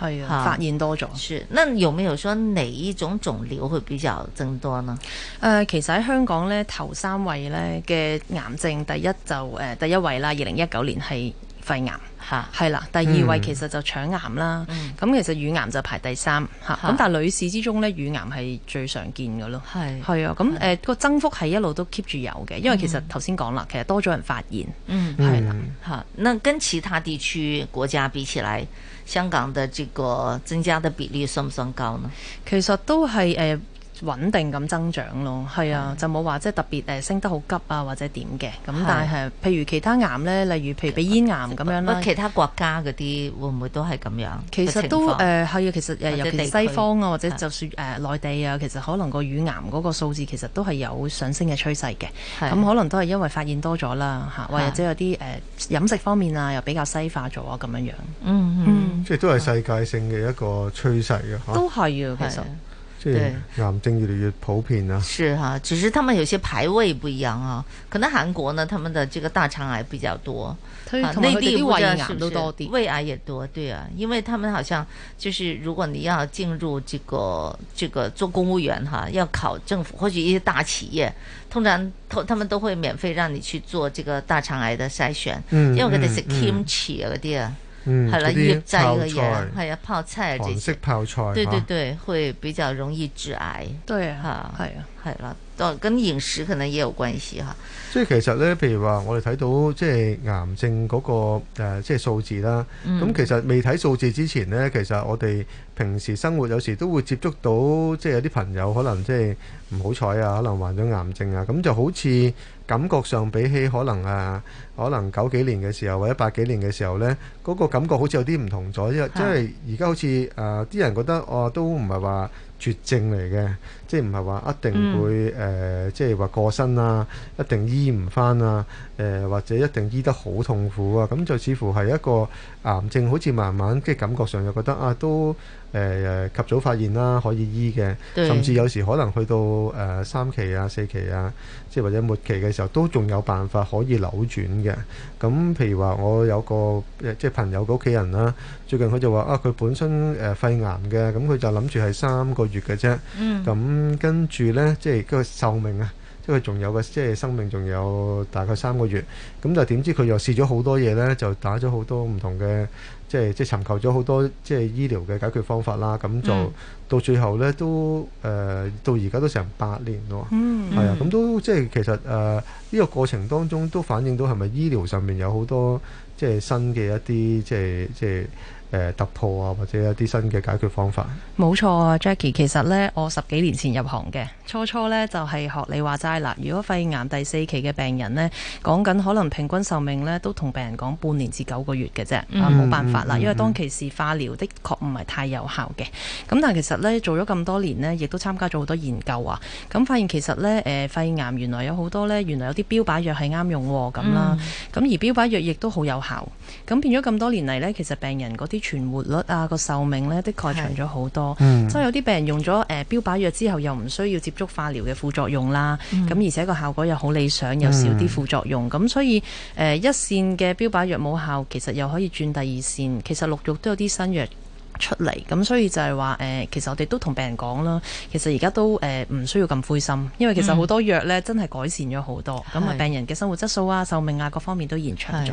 係啊，發現多咗。是，那有沒有說哪一種腫瘤會比較增多呢？誒、呃，其實喺香港咧，頭三位咧嘅癌症，第一就誒、呃、第一位啦，二零一九年係肺癌。嚇，係啦。第二位其實就腸癌啦，咁、嗯、其實乳癌就排第三嚇。咁、嗯、但係女士之中咧，乳癌係最常見嘅咯。係是，係啊的。咁誒個增幅係一路都 keep 住有嘅，嗯、因為其實頭先講啦，其實多咗人發現，係啦嚇。那跟其他地區國家比起嚟香港的這個增加的比例算唔算高呢？其實都係誒。呃穩定咁增長咯，係啊，就冇話即係特別誒升得好急啊，或者點嘅咁，但係譬如其他癌咧，例如譬如鼻咽癌咁樣咯，其他國家嗰啲會唔會都係咁樣？其實都誒係啊，其實誒尤其西方啊，或者就算誒內地啊，其實可能個乳癌嗰個數字其實都係有上升嘅趨勢嘅，咁可能都係因為發現多咗啦嚇，或者有啲誒飲食方面啊又比較西化咗啊咁樣樣，嗯嗯，即係都係世界性嘅一個趨勢啊。都係啊，其實。對，癌症越嚟越普遍啊！是哈，只是他們有些排位不一樣啊。可能韓國呢，他們的這個大腸癌比較多，啊，內地我覺得是不是胃癌也多？對啊，因為他們好像就是如果你要進入這個這個做公務員哈、啊，要考政府或者一些大企業，通常都他們都會免費讓你去做這個大腸癌的篩選。嗯，因為佢哋係 kimchi 嗰啲啊。嗯嗯，係啦、嗯，醃製嘅嘢，係啊，泡菜，黃色泡菜，對對對，會比較容易致癌，對吓，係啊，係啦、啊，都、啊、跟飲食可能也有關係吓。嗯、所以其實呢，譬如話我哋睇到即係癌症嗰、嗰個誒即係數字啦，咁、嗯、其實未睇數字之前呢，其實我哋平時生活有時都會接觸到，即係有啲朋友可能即係唔好彩啊，可能患咗癌症啊，咁就好似。感覺上比起可能啊，可能九幾年嘅時候或者八幾年嘅時候呢，嗰、那個感覺好似有啲唔同咗，因為的即係而家好似誒啲人覺得哦、呃、都唔係話絕症嚟嘅，即係唔係話一定會誒、嗯呃、即係話過身啊，一定醫唔返啊。誒或者一定醫得好痛苦啊！咁就似乎係一個癌症，好似慢慢即係感覺上就覺得啊，都誒誒及早發現啦，可以醫嘅。甚至有時可能去到誒三期啊、四期啊，即係或者末期嘅時候，都仲有辦法可以扭轉嘅。咁譬如話，我有個即係朋友嘅屋企人啦，最近佢就話啊，佢本身誒肺癌嘅，咁佢就諗住係三個月嘅啫。嗯。咁跟住咧，即係個壽命啊！因為仲有嘅，即、就、係、是、生命仲有大概三個月，咁就點知佢又試咗好多嘢呢，就打咗好多唔同嘅，即係即係尋求咗好多即係、就是、醫療嘅解決方法啦。咁就、嗯、到最後呢，都誒、呃，到而家都成八年咯。嗯，嗯，係啊，咁都即係其實誒呢、呃這個過程當中都反映到係咪醫療上面有好多即係、就是、新嘅一啲即係即係。就是就是誒突破啊，或者一啲新嘅解決方法。冇錯啊，Jackie，其實呢，我十幾年前入行嘅，初初呢就係、是、學你話齋啦。如果肺癌第四期嘅病人呢，講緊可能平均壽命呢都同病人講半年至九個月嘅啫，啊冇、嗯、辦法啦，因為當其時化療的確唔係太有效嘅。咁但係其實呢，做咗咁多年呢，亦都參加咗好多研究啊。咁發現其實呢，誒、呃、肺癌原來有好多呢，原來有啲標靶藥係啱用咁、嗯、啦。咁而標靶藥亦都好有效。咁變咗咁多年嚟呢，其實病人嗰啲存活率啊，個壽命呢，的確長咗好多，嗯、所以有啲病人用咗誒、呃、標靶藥之後，又唔需要接觸化療嘅副作用啦，咁、嗯、而且個效果又好理想，又少啲副作用，咁、嗯、所以誒、呃、一線嘅標靶藥冇效，其實又可以轉第二線，其實陸續都有啲新藥出嚟，咁所以就係話誒，其實我哋都同病人講啦，其實而家都誒唔、呃、需要咁灰心，因為其實好多藥呢，真係改善咗好多，咁啊是病人嘅生活質素啊、壽命啊各方面都延長咗。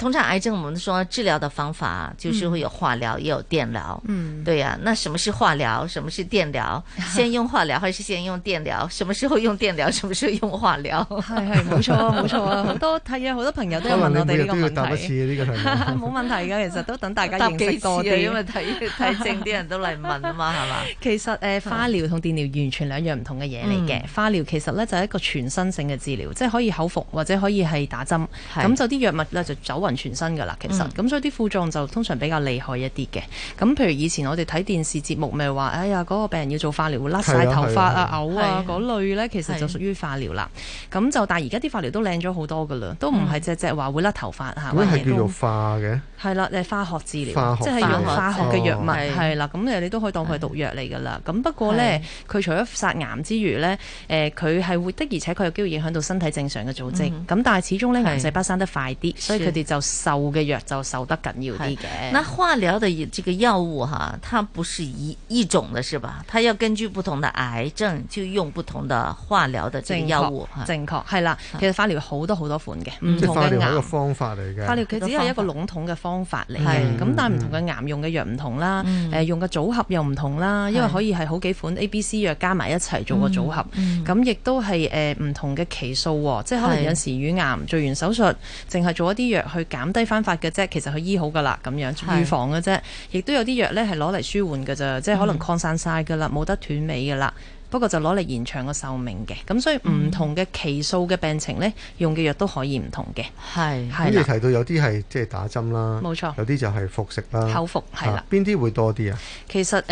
通常癌症，我們都說治療的方法就是會有化療，嗯、也有電療。嗯，對啊，那什麼是化療？什麼是電療？先用化療還是先用電療？什麼時候用電療？什麼時候用化療？係係， 冇錯冇錯啊！好多睇啊，好多，多朋友都有問我哋呢個問題。都答唔切呢個係冇 問題噶，其實都等大家認識多啲，因為睇睇症啲人都嚟問啊嘛，係嘛？其實誒，化、呃、療同電療完全兩樣唔同嘅嘢嚟嘅。化、嗯、療其實咧就係、是、一個全身性嘅治療，即係可以口服或者可以係打針。咁是就啲藥物咧就走勻，全身噶啦，其實咁所以啲副作用就通常比較厲害一啲嘅。咁譬如以前我哋睇電視節目，咪話：哎呀，嗰個病人要做化療會甩晒頭髮啊、嘔啊嗰類咧，其實就屬於化療啦。咁就但係而家啲化療都靚咗好多噶啦，都唔係隻隻話會甩頭髮嚇。會係叫藥化嘅。係啦，誒化學治療，即係用化學嘅藥物係啦。咁你都可以當佢係毒藥嚟噶啦。咁不過呢，佢除咗殺癌之餘呢，誒佢係會的，而且佢有機會影響到身體正常嘅組織。咁但係始終呢，癌細胞生得快啲，所以佢哋就瘦嘅藥就瘦得緊要啲嘅。的那化療的這個藥物哈、啊，它不是一一種嘅，是吧？它要根據不同的癌症，就用不同的化療的這個藥物，正確，正確，係啦。其實化療好多好多款嘅，唔的同嘅癌方法嚟嘅。化療其實只係一個籠統嘅方法嚟嘅，咁、嗯嗯、但係唔同嘅癌用嘅藥唔同啦，誒、嗯、用嘅組合又唔同啦，嗯、因為可以係好幾款 A、B、C 藥加埋一齊做一個組合，咁亦、嗯嗯、都係誒唔同嘅期數，即係可能有時乳癌做完手術，淨係做一啲藥去。減低翻發嘅啫，其實佢醫好噶啦，咁樣預防嘅啫。亦都是的 有啲藥呢係攞嚟舒緩㗎咋，即係可能擴散晒㗎啦，冇得、嗯、斷尾㗎啦。不過就攞嚟延長個壽命嘅，咁所以唔同嘅期數嘅病情呢，用嘅藥都可以唔同嘅。係，咁你提到有啲係即係打針啦，冇錯，有啲就係服食啦，口服係啦。邊啲會多啲啊？其實誒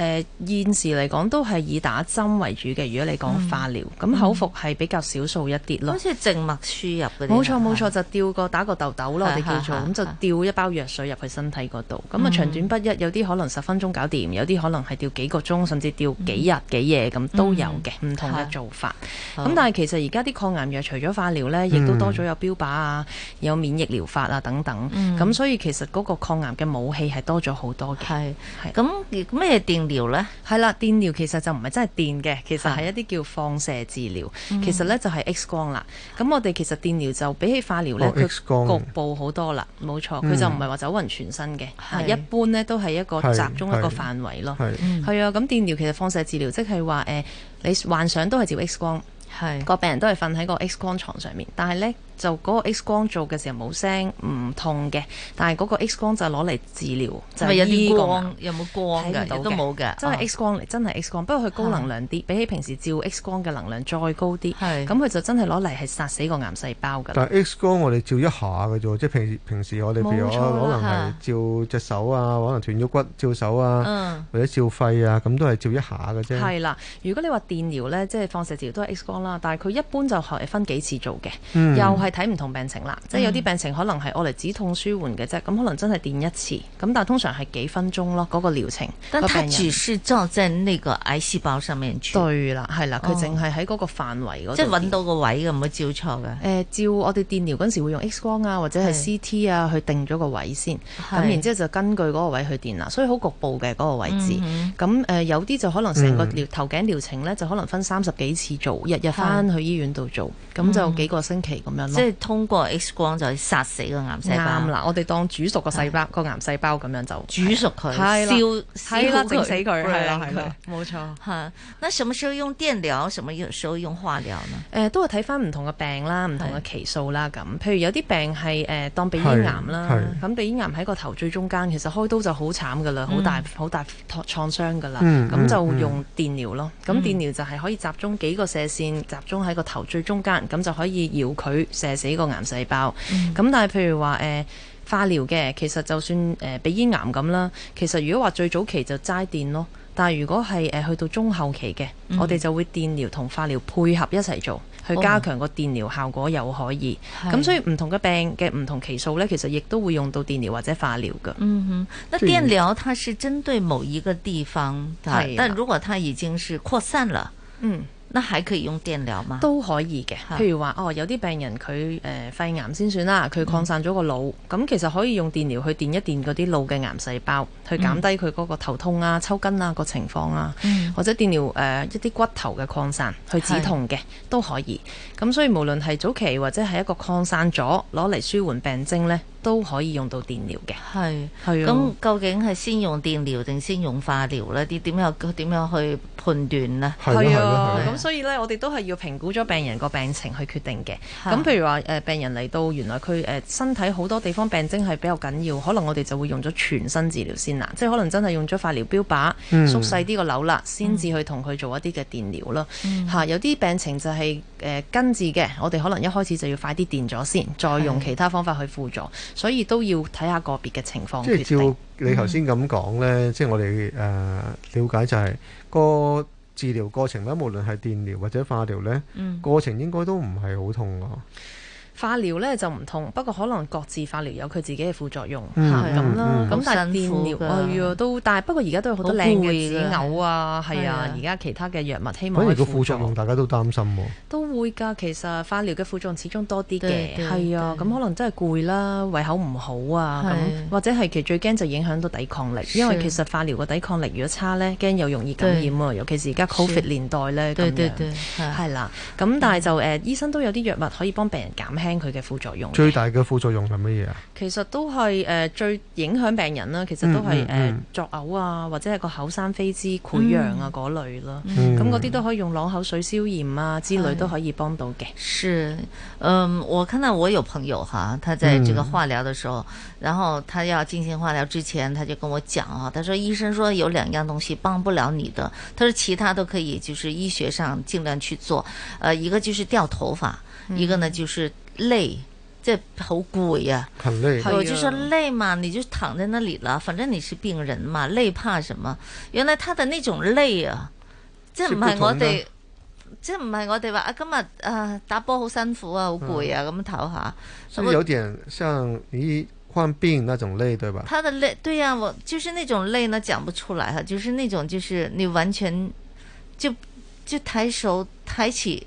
現時嚟講都係以打針為主嘅，如果你講化療，咁口服係比較少數一啲咯。好似靜脈輸入嗰啲。冇錯冇錯，就吊個打個豆豆咯，我哋叫做，咁就吊一包藥水入去身體嗰度。咁啊長短不一，有啲可能十分鐘搞掂，有啲可能係吊幾個鐘，甚至吊幾日幾夜咁都有。嘅唔同嘅做法，咁但係其實而家啲抗癌藥除咗化療咧，亦都多咗有標靶啊，有免疫療法啊等等，咁所以其實嗰個抗癌嘅武器係多咗好多嘅。係，咁咩電療呢？係啦，電療其實就唔係真係電嘅，其實係一啲叫放射治療，其實呢就係 X 光啦。咁我哋其實電療就比起化療呢，佢局部好多啦，冇錯，佢就唔係話走勻全身嘅，一般呢都係一個集中一個範圍咯。係啊，咁電療其實放射治療，即係話誒。你幻想都係照 X 光，係是個病人都係瞓喺個 X 光床上面，但係咧。就嗰個 X 光做嘅時候冇聲唔痛嘅，但係嗰個 X 光就攞嚟治療，就係有啲光，有冇光㗎？睇到都冇嘅。真係 X 光嚟，真係 X 光。不過佢高能量啲，比起平時照 X 光嘅能量再高啲。咁佢就真係攞嚟係殺死個癌細胞㗎。但係 X 光我哋照一下嘅啫，即係平時平時我哋譬如我可能係照隻手啊，可能斷咗骨照手啊，或者照肺啊，咁都係照一下嘅啫。係啦，如果你話電療咧，即係放射治療都係 X 光啦，但係佢一般就係分幾次做嘅，又係。睇唔同病情啦，即係有啲病情可能係攞嚟止痛舒緩嘅啫，咁可能真係電一次，咁但係通常係幾分鐘咯，嗰個療程。但係住輸咗即係呢個癌細胞上面對啦，係啦，佢淨係喺嗰個範圍嗰，即係揾到個位嘅，唔會照錯嘅。誒，照我哋電療嗰陣時會用 X 光啊，或者係 CT 啊，去定咗個位先，咁然之後就根據嗰個位去電啦，所以好局部嘅嗰個位置。咁誒有啲就可能成個療頭頸療程咧，就可能分三十幾次做，日日翻去醫院度做，咁就幾個星期咁樣咯。即係通過 X 光就殺死個癌細胞。啱啦，我哋當煮熟個細胞個癌細胞咁樣就煮熟佢，燒燒整死佢，係啦，係咪？冇錯。吓，那什麼時候用電療？什麼時候用化療呢？誒，都係睇翻唔同嘅病啦，唔同嘅期數啦。咁，譬如有啲病係誒當鼻咽癌啦，咁鼻咽癌喺個頭最中間，其實開刀就好慘噶啦，好大好大創傷噶啦。咁就用電療咯。咁電療就係可以集中幾個射線，集中喺個頭最中間，咁就可以繞佢死個癌細胞，咁、嗯、但係譬如話誒、呃、化療嘅，其實就算誒鼻咽癌咁啦，其實如果話最早期就齋電咯，但係如果係誒、呃、去到中後期嘅，嗯、我哋就會電療同化療配合一齊做，去加強個電療效果又可以。咁、哦、所以唔同嘅病嘅唔同期數咧，其實亦都會用到電療或者化療噶。嗯哼，那電療它是針對某一個地方，的但如果它已經是擴散了，嗯。那還可以用電療嘛？都可以嘅，譬如話哦，有啲病人佢誒、呃、肺癌先算啦，佢擴散咗個腦，咁、嗯、其實可以用電療去電一電嗰啲腦嘅癌細胞，去減低佢嗰個頭痛啊、嗯、抽筋啊個情況啊，或者電療誒、呃、一啲骨頭嘅擴散去止痛嘅、嗯、都可以。咁所以無論係早期或者係一個擴散咗攞嚟舒緩病徵呢。都可以用到電療嘅，係係咁，啊、究竟係先用電療定先用化療呢？啲點樣點樣去判斷呢？係啊，咁、啊啊啊、所以咧，我哋都係要評估咗病人個病情去決定嘅。咁、啊、譬如話，誒、呃，病人嚟到，原來佢誒、呃、身體好多地方病徵係比較緊要，可能我哋就會用咗全身治療先啦。即係可能真係用咗化療標靶縮細啲個瘤啦，先至去同佢做一啲嘅電療咯。吓、嗯啊，有啲病情就係、是、誒、呃、根治嘅，我哋可能一開始就要快啲電咗先，再用其他方法去輔助。所以都要睇下個別嘅情況。即係照你頭先咁講呢，嗯、即係我哋誒了解就係、是、個治療過程咧，無論係電療或者化療呢，嗯、過程應該都唔係好痛㗎。化療咧就唔痛，不過可能各自化療有佢自己嘅副作用咁啦。咁但係電療都但係不過而家都有好多靚嘅，自啊，係啊，而家其他嘅藥物希望可以副作用大家都擔心喎，都會㗎。其實化療嘅副作用始終多啲嘅，係啊。咁可能真係攰啦，胃口唔好啊咁，或者係其實最驚就影響到抵抗力，因為其實化療嘅抵抗力如果差咧，驚又容易感染啊。尤其是而家 COVID 年代咧，對對對，係啦。咁但係就誒，醫生都有啲藥物可以幫病人減輕。聽佢嘅副作用，最大嘅副作用係乜嘢啊？其實都係誒最影響病人啦，其實都係誒作嘔啊，或者係個口生飛滋潰瘍啊嗰類咯。咁嗰啲、嗯、都可以用漱口水消炎啊之類都可以幫到嘅。是，嗯、呃，我看到我有朋友哈，他在這個化療的時候，嗯、然後他要進行化療之前，他就跟我講啊，他說醫生說有兩樣東西幫不了你的，他說其他都可以，就是醫學上盡量去做。呃，一個就是掉頭髮。一個呢就是累，嗯、這好攰呀，啊！很累。哎，就說累嘛，嗯、你就躺在那裏了，反正你是病人嘛，累怕什麼？原來他的那種累啊，這唔係我哋，的這唔係我哋話啊，今日啊打波好辛苦啊，好攰啊，咁唞下，哈。麼有點像你患病那種累，對吧？他的累，對呀，啊，我就是那種累呢，講不出來哈，啊，就是那種，就是你完全就就抬手抬起。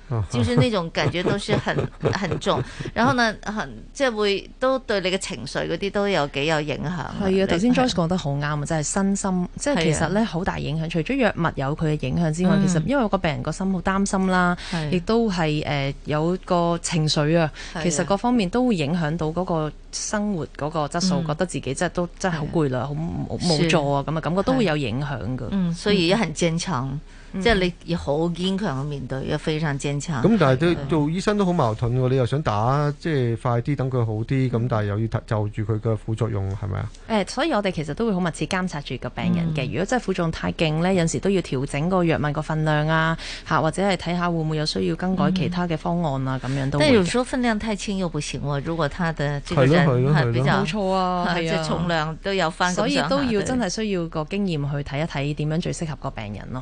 就算那種感覺都是很很重，然後呢，即係會都對你嘅情緒嗰啲都有幾有影響。係啊，頭先 Joyce 講得好啱啊，真係身心，即係其實呢，好大影響。除咗藥物有佢嘅影響之外，其實因為我個病人個心好擔心啦，亦都係誒有個情緒啊，其實各方面都會影響到嗰個生活嗰個質素，覺得自己真係都真係好攰啦，好冇助啊咁啊，感覺都會有影響嘅。所以也很正常。即係你要好堅強去面對，又非常堅強。咁但係都做醫生都好矛盾，你又想打即係快啲等佢好啲，咁但係又要就住佢嘅副作用，係咪啊？誒，所以我哋其實都會好密切監察住個病人嘅。如果真係副重太勁咧，有陣時都要調整個藥物個分量啊，吓或者係睇下會唔會有需要更改其他嘅方案啊，咁樣都。但如果分量太輕又不行，如果他的這個人係比較冇錯啊，係啊，重量都有翻咁上下，所以都要真係需要個經驗去睇一睇點樣最適合個病人咯。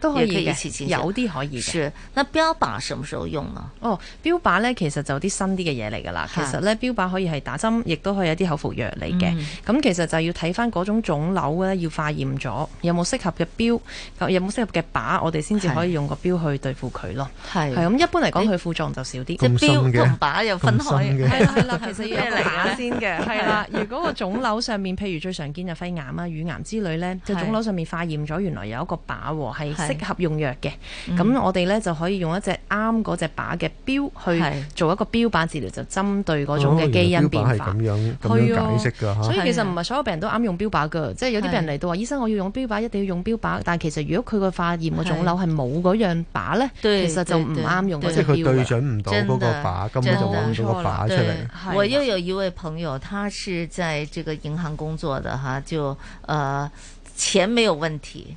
都可以，有啲可以嘅。那標靶什麼時候用呢？哦，標靶咧其實就啲新啲嘅嘢嚟㗎啦。其實咧標靶可以係打針，亦都可以有啲口服藥嚟嘅。咁其實就要睇翻嗰種腫瘤咧，要化驗咗有冇適合嘅標，有冇適合嘅靶，我哋先至可以用個標去對付佢咯。係咁一般嚟講，佢副作用就少啲。即係標同靶又分開。係啦係啦，其實要睇下先嘅。係啦，如果個腫瘤上面，譬如最常見嘅肺癌啊、乳癌之類咧，就腫瘤上面化驗咗，原來有一個靶喎。適合用藥嘅，咁我哋咧就可以用一隻啱嗰隻靶嘅標去做一個標靶治療，就針對嗰種嘅基因變化。標咁樣去解釋㗎。所以其實唔係所有病人都啱用標靶㗎，即係有啲病人嚟到話：醫生，我要用標靶，一定要用標靶。但係其實如果佢個化驗個腫瘤係冇嗰樣靶咧，其實就唔啱用個標靶。即係佢對準唔到嗰個靶，根本就揾唔到個靶出嚟。我又有一位朋友，他是在這個銀行工作的哈，就呃錢沒有問題。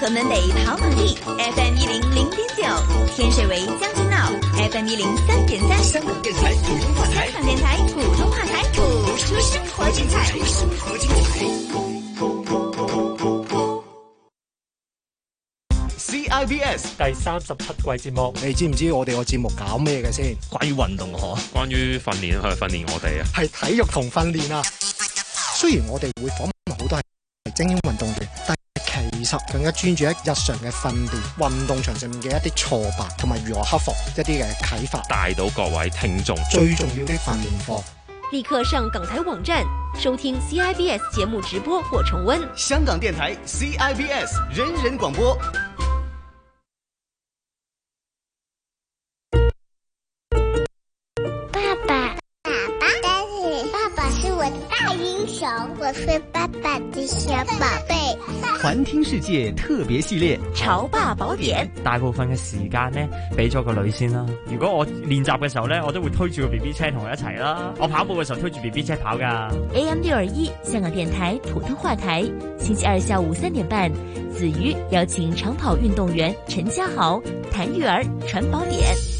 河門北跑馬地 FM 一零零點九，9, 天水圍將軍澳 FM 一零三點三，香港電台普通話台，香港電台普通話台，播出生活精彩。生活精彩。CIBS 第三十七季節目，你知唔知我哋個節目搞咩嘅先？運關於運動嗬，關於訓練去訓練我哋啊，係體育同訓練啊。雖然我哋會訪問好多人係精英運動員，但其實更加專注喺日常嘅訓練、運動場上面嘅一啲挫敗同埋如何克服一啲嘅啟發，帶到各位聽眾最重要嘅訓練課。立刻上港台網站收聽 CIBS 節目直播或重溫香港電台 CIBS 人人廣播。我大英雄，我是爸爸的小寶貝。環聽世界特別系列《潮爸寶典》，大部分嘅時間呢，俾咗個女先啦、啊。如果我練習嘅時候咧，我都會推住個 B B 車同佢一齊啦、啊。我跑步嘅時候推住 B B 車跑噶。AM 六二一，香港電台普通話台，星期二下午三點半，子瑜邀請長跑運動員陳嘉豪譚育兒傳寶典。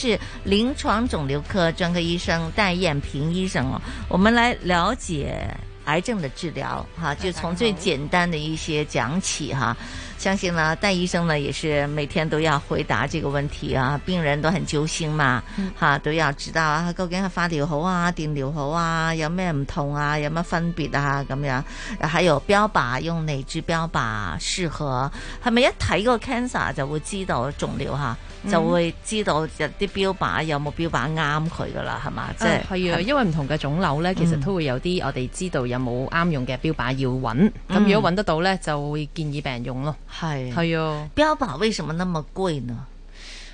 是臨床腫瘤科專科醫生戴燕萍醫生哦，我們來了解癌症的治療哈，就從最簡單的一些講起哈。相信呢，戴醫生呢也是每天都要回答這個問題啊，病人都很揪心嘛、嗯、哈，都要知道究、啊、竟係化療好啊，電療好啊，有沒有唔同啊，有乜分別啊，咁樣還有標靶用哪支標靶適合他們一提個 cancer 就會知道腫瘤哈？就會知道有啲標靶有冇標靶啱佢㗎喇，係嘛？即係係啊，因為唔同嘅腫瘤呢，其實都會有啲我哋知道有冇啱用嘅標靶要揾。咁如果揾得到呢，就會建議病人用咯。係係啊。標靶為什麼那麼貴呢？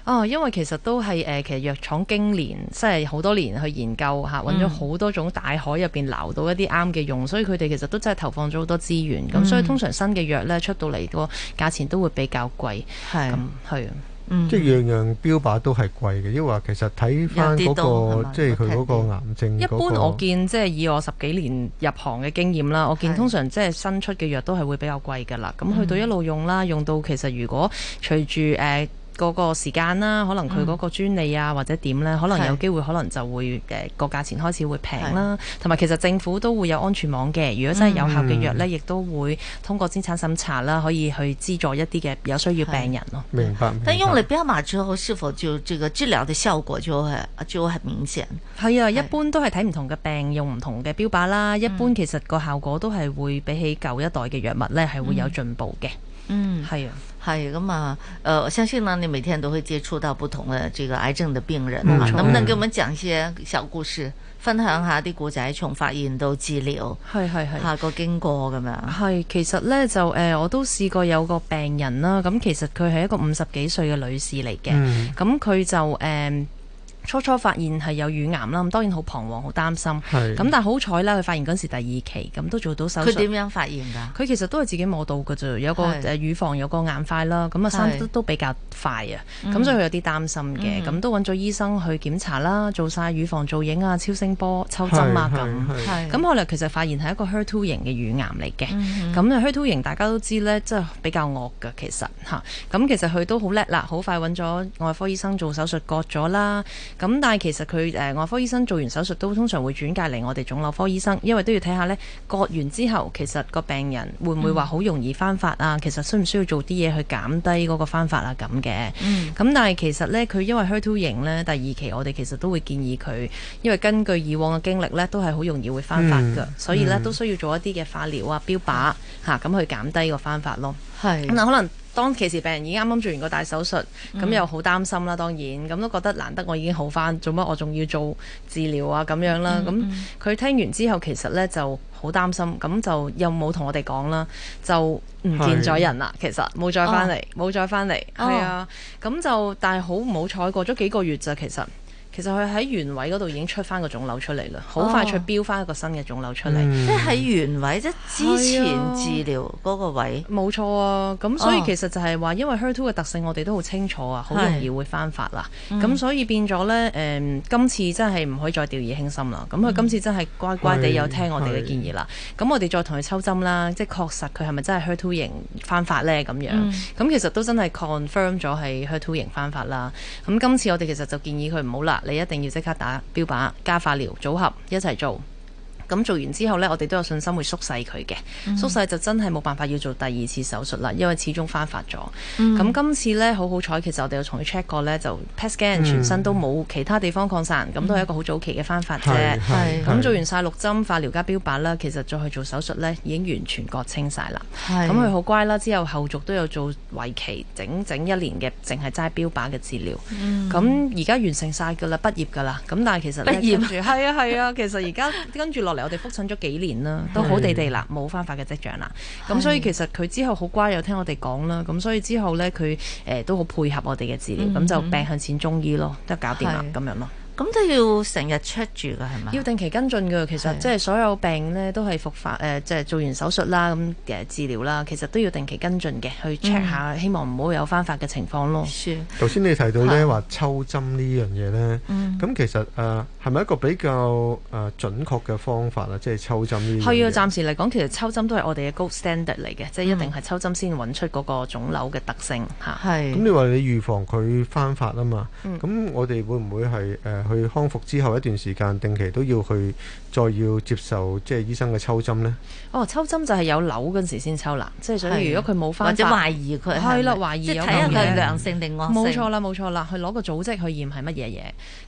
哦，因為其實都係誒，其實藥廠經年即係好多年去研究吓，揾咗好多種大海入邊撈到一啲啱嘅用，所以佢哋其實都真係投放咗好多資源。咁所以通常新嘅藥呢，出到嚟個價錢都會比較貴。係咁係。嗯、即係樣樣標靶都係貴嘅，因為其實睇翻嗰個，即係佢嗰個癌症。一般我見即係以我十幾年入行嘅經驗啦，我見通常即係新出嘅藥都係會比較貴噶啦。咁是去到一路用啦，用到其實如果隨住誒。Uh, 嗰個時間啦，可能佢嗰個專利啊，嗯、或者點呢？可能有機會，可能就會誒是個價錢開始會平啦。同埋是其實政府都會有安全網嘅，如果真係有效嘅藥呢，亦、嗯嗯、都會通過資產審查啦，可以去資助一啲嘅有需要病人咯。明白。明白，但用嚟標靶之後是否，就這個治療嘅效果就係就係明顯？係啊，是一般都係睇唔同嘅病用唔同嘅標靶啦、嗯。一般其實個效果都係會比起舊一代嘅藥物呢，係會有進步嘅、嗯。嗯，係啊。係噶嘛？誒、呃，我相信呢，你每天都會接觸到不同的這個癌症的病人啦。唔，能不能給我們講一些小故事，分享下啲故仔，從發現到治療，係係係，下、啊、個經過咁樣。係，其實呢，就誒、呃，我都試過有個病人啦。咁其實佢係一個五十幾歲嘅女士嚟嘅。嗯，咁佢就誒。呃初初發現係有乳癌啦，咁當然好彷徨，好擔心。咁是但係好彩啦，佢發現嗰時第二期，咁都做到手術。佢點樣發現㗎？佢其實都係自己摸到㗎啫，有個誒乳房有個硬塊啦，咁啊生得都比較快啊，咁是所以佢有啲擔心嘅。咁、嗯、都揾咗醫生去檢查啦，做晒乳房造影聲是啊、超聲波抽針啊咁。咁後來其實發現係一個 Her2 型嘅乳癌嚟嘅。咁啊 Her2 型大家都知呢，即係比較惡㗎，其實嚇。咁其實佢都好叻啦，好快揾咗外科醫生做手術割咗啦。咁、嗯、但係其實佢外、呃、科醫生做完手術都通常會轉介嚟我哋腫瘤科醫生，因為都要睇下咧，割完之後其實個病人會唔會話好容易翻發啊？嗯、其實需唔需要做啲嘢去減低嗰個翻發啊咁嘅。嗯。咁、嗯、但係其實咧佢因為 her2 型咧，第二期，我哋其實都會建議佢，因為根據以往嘅經歷咧都係好容易會翻發㗎，嗯嗯、所以咧都需要做一啲嘅化療啊、標靶嚇咁、啊、去減低個翻發咯。係的。嗯，可能當其時病人已經啱啱做完個大手術，咁又好擔心啦。嗯、當然，咁都覺得難得我已經好翻，做乜我仲要做治療啊？咁樣啦，咁佢、嗯嗯、聽完之後其實呢就好擔心，咁就又冇同我哋講啦，就唔見咗人啦。其實冇再翻嚟，冇再翻嚟。係啊，咁就但係好唔好彩，過咗幾個月咋？其實。其實佢喺原位嗰度已經出翻個腫瘤出嚟啦，好快脆飆翻一個新嘅腫瘤出嚟，哦嗯、即係原位即之前治療嗰個位，冇、啊、錯啊。咁所以、哦、其實就係話，因為 her2 嘅特性，我哋都好清楚啊，好容易會翻發啦。咁、嗯、所以變咗呢，誒、嗯、今次真係唔可以再掉以輕心啦。咁佢今次真係乖乖地有聽我哋嘅建議啦。咁我哋再同佢抽針啦，即係確實佢係咪真係 her2 型翻發呢？咁樣咁、嗯、其實都真係 confirm 咗係 her2 型翻發啦。咁今次我哋其實就建議佢唔好啦。你一定要即刻打標靶，加化療組合，一齊做。咁做完之後呢，我哋都有信心會縮細佢嘅，嗯、縮細就真係冇辦法要做第二次手術啦，因為始終翻發咗。咁、嗯、今次呢，好好彩，其實我哋又從去 check 過呢，就 PET scan 全身都冇其他地方擴散，咁、嗯、都係一個好早期嘅翻發啫。咁做完曬六針化療加標靶啦，其實再去做手術呢，已經完全割清晒啦。咁佢好乖啦，之後後續都有做為期整整一年嘅，淨係齋標靶嘅治療。咁而家完成晒㗎啦，畢業㗎啦。咁但係其實呢畢業。係啊係啊，其實而家跟住落。我哋覆診咗幾年啦，都好地地啦，冇翻是發嘅跡象啦。咁是所以其實佢之後好乖，又聽我哋講啦。咁所以之後呢，佢誒、呃、都好配合我哋嘅治療，咁、嗯、哼就病向淺中醫咯，都搞掂啦，咁是樣咯。咁都要成日 check 住噶，係咪？要定期跟進噶，其實即係所有病咧都係復發，即、呃、係、就是、做完手術啦，咁嘅治療啦，其實都要定期跟進嘅，去 check 下，嗯、希望唔好有翻發嘅情況咯。頭先是你提到咧話是抽針呢樣嘢咧，咁、嗯、其實誒係咪一個比較誒準確嘅方法啊？即、就、係、是、抽針呢？係啊，暫時嚟講，其實抽針都係我哋嘅 gold standard 嚟嘅。嗯、即係一定係抽針先搵出嗰個腫瘤嘅特性嚇。咁是你話你預防佢翻發啊嘛？咁、嗯、我哋會唔會係去康復之後一段時間，定期都要去再要接受即係醫生嘅抽針呢？哦，抽針就係有瘤嗰時先抽啦，即係所以如果佢冇返或者懷疑佢係，啦懷疑有，即係睇下佢良性定惡性冇錯啦，冇錯啦，去攞個組織去驗係乜嘢嘢。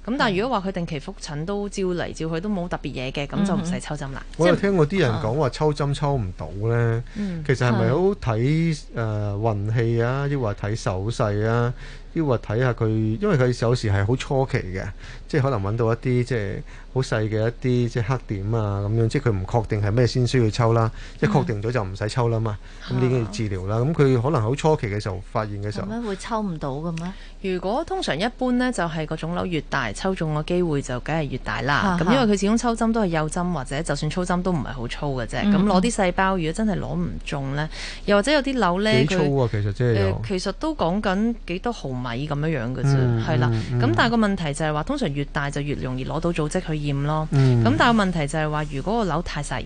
咁但係如果話佢定期復診都照嚟照去都冇特別嘢嘅，咁就唔使抽針啦。嗯、我又聽過啲人講話抽針抽唔到呢，嗯、其實係咪好睇誒運氣啊？抑或睇手勢啊？抑或睇下佢，因為佢有時係好初期嘅。即係可能揾到一啲即係好細嘅一啲即係黑點啊咁樣，即係佢唔確定係咩先需要抽啦。嗯、一確定咗就唔使抽啦嘛。咁已經要治療啦，咁、嗯、佢可能好初期嘅時候發現嘅時候，點解會抽唔到嘅咩？如果通常一般呢，就係個腫瘤越大，抽中嘅機會就梗係越大啦。咁、嗯、因為佢始終抽針都係幼針或者就算粗針都唔係好粗嘅啫。咁攞啲細胞，如果真係攞唔中呢，又或者有啲瘤呢，粗啊？他其實即係、呃、其實都講緊幾多毫米咁樣樣嘅啫，係、嗯、啦。咁、嗯嗯、但係個問題就係、是、話，通常。越大就越容易攞到組織去驗咯，咁、嗯、但係問題就係話，如果個瘤太細。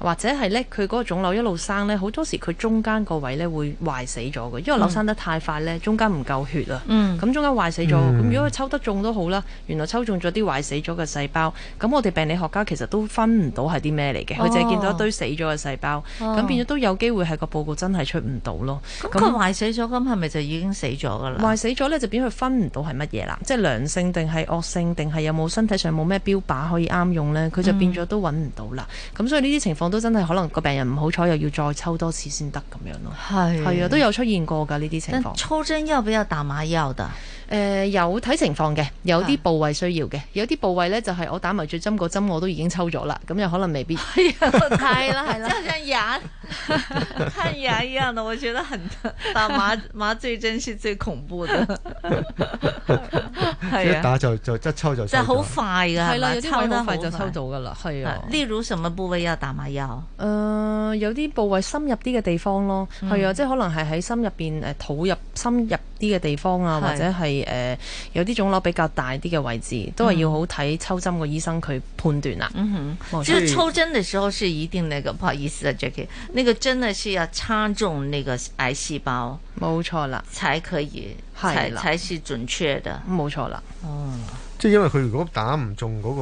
或者係咧，佢嗰個腫瘤一路生咧，好多時佢中間個位咧會壞死咗嘅，因為瘤生得太快咧，嗯、中間唔夠血啊。咁、嗯、中間壞死咗，咁、嗯、如果佢抽得中都好啦，原來抽中咗啲壞死咗嘅細胞，咁我哋病理學家其實都分唔到係啲咩嚟嘅，佢淨係見到一堆死咗嘅細胞，咁、哦、變咗都有機會係個報告真係出唔到咯。咁佢、哦、壞死咗，咁係咪就已經死咗㗎啦？壞死咗咧，就變佢分唔到係乜嘢啦，即係良性定係惡性，定係有冇身體上冇咩標靶可以啱用咧，佢就變咗都揾唔到啦。咁、嗯、所以呢啲情況。都真係可能個病人唔好彩，又要再抽多次先得咁樣咯。係，係啊，都有出現過噶呢啲情況。抽針要唔要打麻藥嘅？誒，有睇情況嘅，有啲部位需要嘅，有啲部位咧就係我打麻醉針，個針我都已經抽咗啦，咁又可能未必係啦，係啦，就像牙，看牙一樣的，我覺得很打麻麻醉針是最恐怖的，係啊，一打就就即抽就就好快噶，係啦，要抽好快就抽到噶啦，係啊。例如什麼部位要打麻藥？誒，有啲部位深入啲嘅地方咯，係啊，即係可能係喺心入邊，誒，肚入、深入。啲嘅地方啊，或者係誒、呃、有啲腫瘤比較大啲嘅位置，都係要好睇抽針個醫生去判斷啦、啊。嗯哼，冇錯。即係抽針嘅時候，是一定那個不好意思啊，Jackie，那個真的是要插中那個癌細胞，冇錯啦，才可以，係啦了，才是準確的，冇錯啦。哦、嗯，即係因為佢如果打唔中嗰、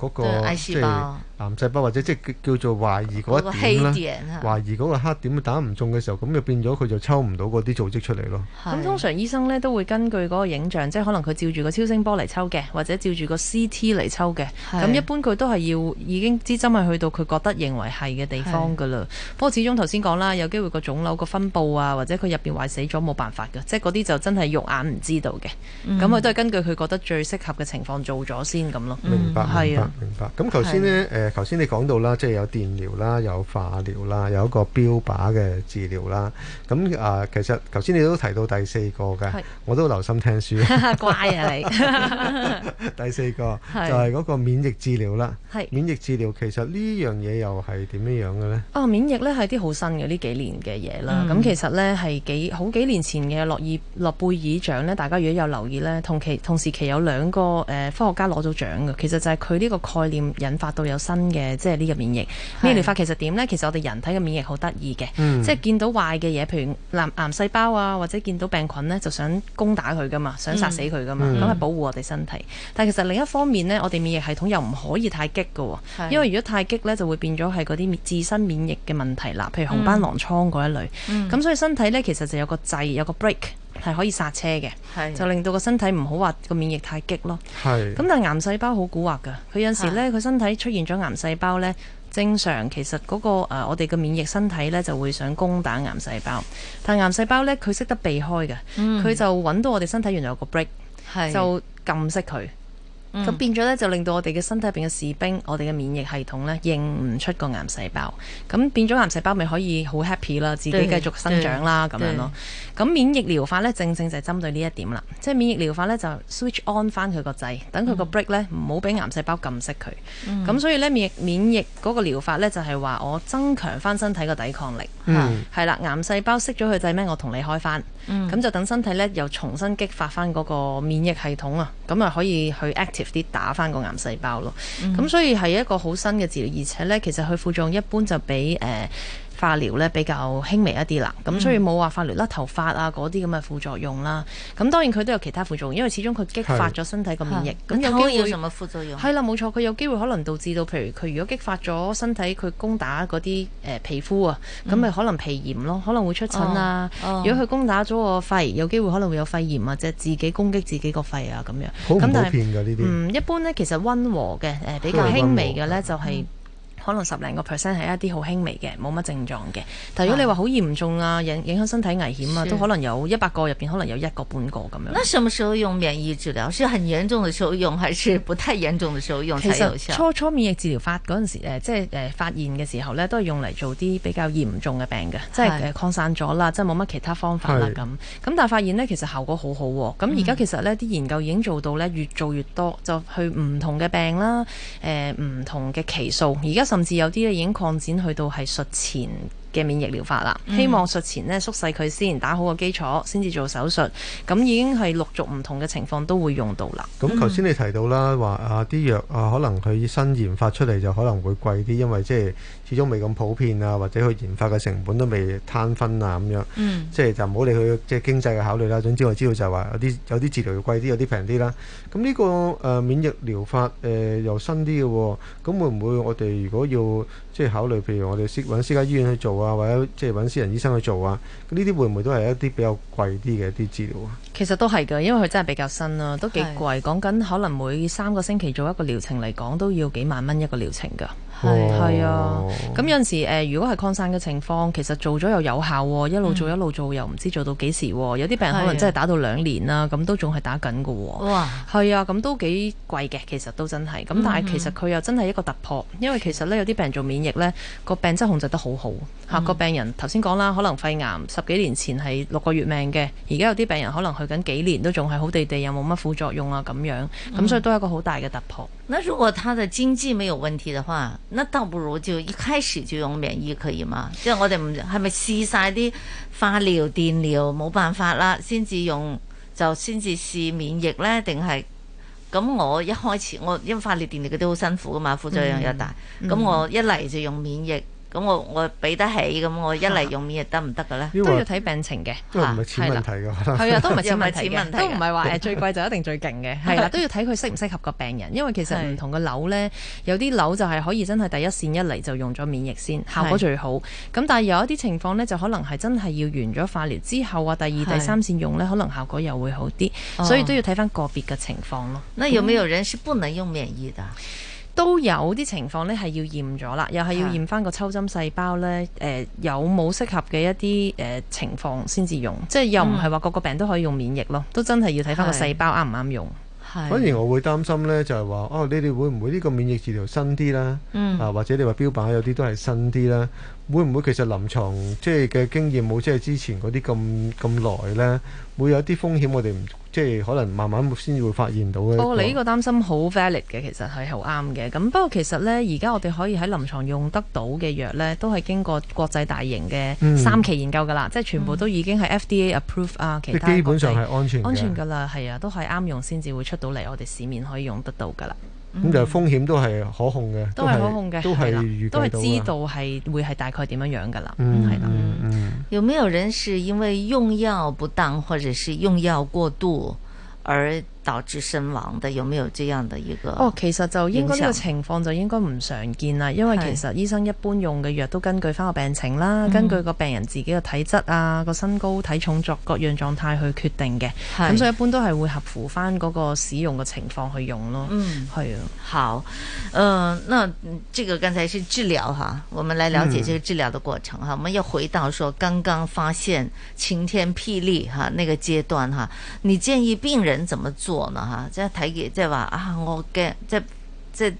那個癌細胞。癌細胞或者即係叫做懷疑嗰一點啦，懷疑嗰個黑點打唔中嘅時候，咁就變咗佢就抽唔到嗰啲組織出嚟咯。咁通常醫生呢都會根據嗰個影像，即係可能佢照住個超聲波嚟抽嘅，或者照住個 CT 嚟抽嘅。咁是一般佢都係要已經支針係去到佢覺得認為係嘅地方㗎啦。是不過始終頭先講啦，有機會個腫瘤個分佈啊，或者佢入邊壞死咗冇辦法㗎，即係嗰啲就真係肉眼唔知道嘅。咁佢都係根據佢覺得最適合嘅情況做咗先咁咯。嗯、明白，係啊，明白。咁頭先呢。誒，頭先你講到啦，即係有電療啦，有化療啦，有一個標靶嘅治療啦。咁啊、呃，其實頭先你都提到第四個嘅，是我都留心聽書。 乖啊，你 第四個是就係嗰個免疫治療啦。是免疫治療，其實呢樣嘢又係點樣樣嘅呢？啊，免疫呢係啲好新嘅呢幾年嘅嘢啦。咁、嗯、其實呢係幾好幾年前嘅諾爾諾貝爾獎呢，大家如果有留意呢，同期同時期有兩個誒、呃、科學家攞咗獎嘅。其實就係佢呢個概念引發到有新。新嘅即係呢個免疫、呢個療法其實點呢？其實我哋人體嘅免疫好得意嘅，是的嗯、即係見到壞嘅嘢，譬如癌癌細胞啊，或者見到病菌呢，就想攻打佢噶嘛，想殺死佢噶嘛，咁係、嗯、保護我哋身體。但其實另一方面呢，我哋免疫系統又唔可以太激嘅，因為如果太激呢，就會變咗係嗰啲自身免疫嘅問題啦，譬如紅斑狼瘡嗰一類。咁、嗯嗯、所以身體呢，其實就有個掣，有個 break。係可以剎車嘅，是的 就令到個身體唔好話個免疫太激咯。咁，是的 但係癌細胞好蠱惑㗎，佢有時呢，佢是的 身體出現咗癌細胞呢，正常其實嗰、嗰個、呃、我哋嘅免疫身體呢就會想攻打癌細胞，但係癌細胞呢，佢識得避開㗎，佢、嗯、就揾到我哋身體原來有一個 break，< 是的 S 2> 就撳識佢。咁、嗯、變咗咧，就令到我哋嘅身體入邊嘅士兵，我哋嘅免疫系統咧，認唔出個癌細胞。咁變咗癌細胞，咪可以好 happy 啦，自己繼續生長啦咁樣咯。咁免疫療法咧，正正就係針對呢一點啦。即係免疫療法咧，就 switch on 翻佢個掣，等佢個 break 咧，唔好俾癌細胞撳熄佢。咁、嗯、所以咧，免疫免疫嗰個療法咧，就係、是、話我增強翻身體個抵抗力。係啦、嗯啊，癌細胞熄咗佢掣咩？我同你開翻。咁就等身體咧，又重新激發翻嗰個免疫系統啊，咁啊可以去 active 啲打翻個癌細胞咯。咁所以係一個好新嘅治療，而且咧，其實佢副作用一般就比誒，呃化療咧比較輕微一啲啦，咁所以冇話化療甩頭、嗯、髮啊嗰啲咁嘅副作用啦。咁當然佢都有其他副作用，因為始終佢激發咗身體個免疫，咁有機會。有什麼副作用？係啦，冇錯，佢有機會可能導致到，譬如佢如果激發咗身體佢攻打嗰啲誒皮膚啊，咁咪、嗯、可能皮炎咯，可能會出疹啊。哦哦、如果佢攻打咗個肺，有機會可能會有肺炎啊，即係自己攻擊自己個肺啊咁樣。好唔普遍㗎呢啲？咁但係、嗯，一般咧其實温和嘅誒、呃、比較輕微嘅咧就係、是。嗯可能十零個 percent 係一啲好輕微嘅，冇乜症狀嘅。但如果你話好嚴重啊，是影影響身體危險啊，是都可能有一百個入邊可能有一個半個咁樣。那什麼時候用免疫治療？是很嚴重嘅時候用，還是不太嚴重嘅時候用才有效？其實初初免疫治療發嗰陣時，呃、即係誒、呃、發現嘅時候咧，都係用嚟做啲比較嚴重嘅病嘅，即係誒擴散咗啦是，即係冇乜其他方法啦咁。咁是但係發現呢，其實效果好好、啊、喎。咁而家其實呢啲、嗯、研究已經做到呢，越做越多，就去唔同嘅病啦，誒、呃、唔同嘅期數。而家。甚至有啲咧已經擴展去到係術前。嘅免疫療法啦，希望術前咧縮細佢先，打好個基礎先至做手術。咁已經係陸續唔同嘅情況都會用到啦。咁頭先你提到啦，話啊啲藥啊，可能佢新研發出嚟就可能會貴啲，因為即係始終未咁普遍啊，或者佢研發嘅成本都未攤分啊咁樣。嗯，即係就唔好理佢即係經濟嘅考慮啦。總之我知道就係話有啲有啲治療要貴啲，有啲平啲啦。咁呢個誒免疫療法誒又新啲嘅喎，咁會唔會我哋如果要？即係考慮，譬如我哋私揾私家醫院去做啊，或者即係揾私人醫生去做啊。咁呢啲會唔會都係一啲比較貴啲嘅一啲治療啊？其實都係㗎，因為佢真係比較新啊，都幾貴。講緊的可能每三個星期做一個療程嚟講，都要幾萬蚊一個療程㗎。係啊，咁有陣時誒、呃，如果係擴散嘅情況，其實做咗又有效、哦，一路做一路做又唔知做到幾時、哦。有啲病人可能真係打到兩年啦、啊，咁、啊、都仲係打緊嘅、哦。哇，係啊，咁都幾貴嘅，其實都真係。咁但係其實佢又真係一個突破，嗯嗯因為其實咧有啲病人做免疫呢個病質控制得好好嚇。個、嗯啊、病人頭先講啦，可能肺癌十幾年前係六個月命嘅，而家有啲病人可能去緊幾年都仲係好地地，又冇乜副作用啊咁樣。咁所以都係一個好大嘅突破、嗯。那如果他嘅經濟沒有問題的話？那倒不如就一開始就用免疫可以嘛？即係我哋唔係咪試晒啲化療電療冇辦法啦，先至用就先至試免疫咧？定係，咁？我一開始我因為化療電療嗰啲好辛苦噶嘛，副作用又大，咁、嗯嗯、我一嚟就用免疫。咁我我俾得起，咁我一嚟用免疫得唔得㗎呢？都要睇病情嘅，都唔係錢問題噶。係啊的，都唔係錢問題嘅，都唔係話最貴就一定最勁嘅，係啊， 都要睇佢適唔適合個病人。因為其實唔同嘅瘤呢，有啲瘤就係可以真係第一線一嚟就用咗免疫先，效果最好。咁的但係有一啲情況呢，就可能係真係要完咗化療之後啊，第二的第三線用呢，可能效果又會好啲。哦、所以都要睇翻個別嘅情況咯。那有冇有人是不能用免疫的？都有啲情況咧，係要驗咗啦，又係要驗翻個抽針細胞咧，誒有冇適合嘅一啲誒情況先至用，即係又唔係話個個病都可以用免疫咯，都真係要睇翻個細胞啱唔啱用。反而我會擔心咧，就係話，哦，你哋會唔會呢個免疫治療新啲啦？嗯，啊或者你話標靶有啲都係新啲啦，會唔會其實臨床，即係嘅經驗冇即係之前嗰啲咁咁耐咧？會有啲風險我哋唔？即係可能慢慢先至會發現到嘅。哦，你呢個擔心好 valid 嘅，其實係好啱嘅。咁不過其實呢，而家我哋可以喺臨床用得到嘅藥呢，都係經過國際大型嘅三期研究㗎啦，嗯、即係全部都已經係 FDA approve 啊，其他基本上係安全嘅。安全㗎啦，係啊，都係啱用先至會出到嚟，我哋市面可以用得到㗎啦。咁就係風險都係可控嘅，嗯、都係是可控嘅，都係是的預計到都係知道係會係大概點樣樣嘅啦。嗯，係啦。有冇有人是因為用藥不當，或者是用藥過度而。導致身亡的，有沒有這樣的一個？哦，其實就應該呢個情況就應該唔常見啦，因為其實醫生一般用嘅藥都根據翻個病情啦，是根據個病人自己嘅體質啊、個、嗯、身高體重作各樣狀態去決定嘅，咁是所以一般都係會合符翻嗰個使用嘅情況去用咯。嗯，係啊是。好，誒、呃，那這個剛才是治療哈，我們來了解這個治療的過程哈。嗯、我們要回到說剛剛發現晴天霹靂哈那個階段哈，你建議病人怎麼做？王即係睇見，即係話啊，我驚，即即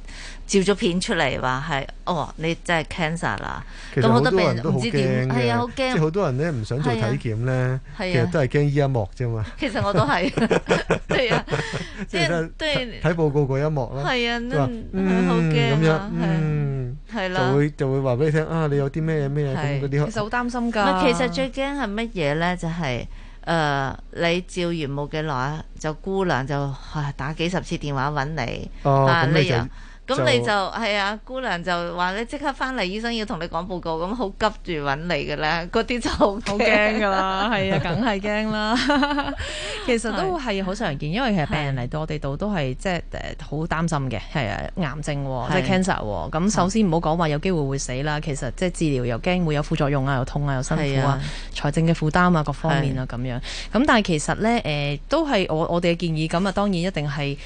照咗片出嚟話係，哦，你真係 cancer 啦。好多人都好驚，係啊，好驚。即係好多人咧唔想做體檢咧，其實都係驚呢一幕啫嘛。其實我都係，即係即睇報告嗰一幕啦。係啊，嗯，好驚就會就會話俾你聽啊，你有啲咩咩咁啲，其實好擔心㗎。其實最驚係乜嘢咧？就係。誒、呃，你照完冇幾耐，就姑娘就打幾十次電話揾你，但係咁你就係啊，姑娘就話你即刻翻嚟，醫生要同你講報告，咁好急住揾你嘅喇，嗰啲就好好驚噶啦，係啊，梗係驚啦。其實都係好常見，因為其實病人嚟到我哋度都係即係誒好擔心嘅，係啊，癌症即係 cancer。咁首先唔好講話有機會會死啦，其實即係治療又驚會有副作用啊，又痛啊，又辛苦啊，財政嘅負擔啊，各方面啊咁樣。咁但係其實呢，誒都係我我哋嘅建議，咁啊當然一定係。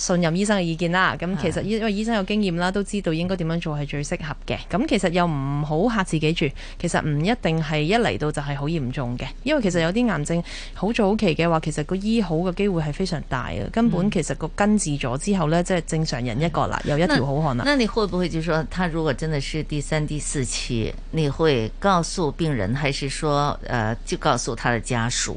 信任醫生嘅意見啦，咁其實因為醫生有經驗啦，都知道應該點樣做係最適合嘅。咁其實又唔好嚇自己住，其實唔一定係一嚟到就係好嚴重嘅，因為其實有啲癌症好早期嘅話，其實個醫好嘅機會係非常大嘅，根本其實個根治咗之後呢，即係、嗯、正常人一個啦，又一條好漢啦。那你會不會就係說，他如果真的是第三、第四期，你會告訴病人，還是說，呃、就告訴他的家屬？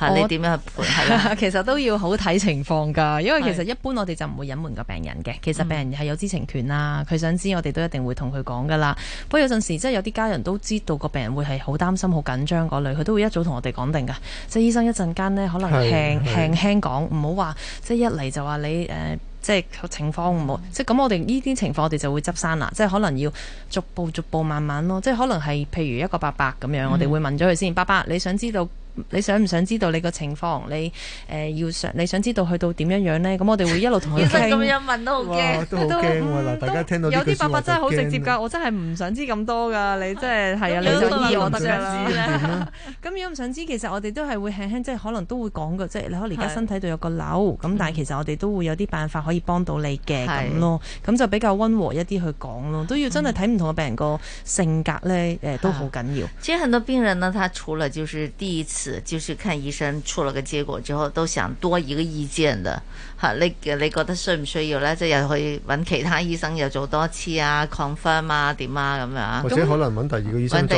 你點樣去陪？ 其實都要好睇情況㗎，因為其實一般我哋就唔會隱瞞個病人嘅。是其實病人係有知情權啦，佢、嗯、想知我哋都一定會同佢講㗎啦。不過有陣時，即、就、係、是、有啲家人都知道個病人會係好擔心、好緊張嗰類，佢都會一早同我哋講定㗎。即、就、係、是、醫生一陣間咧，可能輕輕輕講，唔好話即係一嚟就話你誒，即、呃、係、就是、情況唔好。即係咁，是我哋呢啲情況我哋就會執生啦。即、就、係、是、可能要逐步逐步慢慢咯。即、就、係、是、可能係譬如一個伯伯咁樣，我哋會問咗佢先。伯伯、嗯，你想知道？你想唔想知道你個情況？你誒，要想你想知道去到點樣樣咧？咁我哋會一路同佢講。其實咁樣問都好驚，都好驚。大家聽到有啲方法真係好直接噶，我真係唔想知咁多噶。你真係係啊，你中意我得噶啦。咁如果唔想知，其實我哋都係會輕輕，即係可能都會講噶。即係你可能而家身體度有個瘤，咁但係其實我哋都會有啲辦法可以幫到你嘅咁咯。咁就比較溫和一啲去講咯。都要真係睇唔同嘅病人個性格咧，誒都好緊要。其實很多病人呢，他除了就是第一次。就是看醫生出了個結果之後，都想多一個意見的。吓，你你覺得需唔需要咧？即係又去搵其他醫生又做多次啊，confirm 啊，點啊咁樣。或者可能搵第二個醫生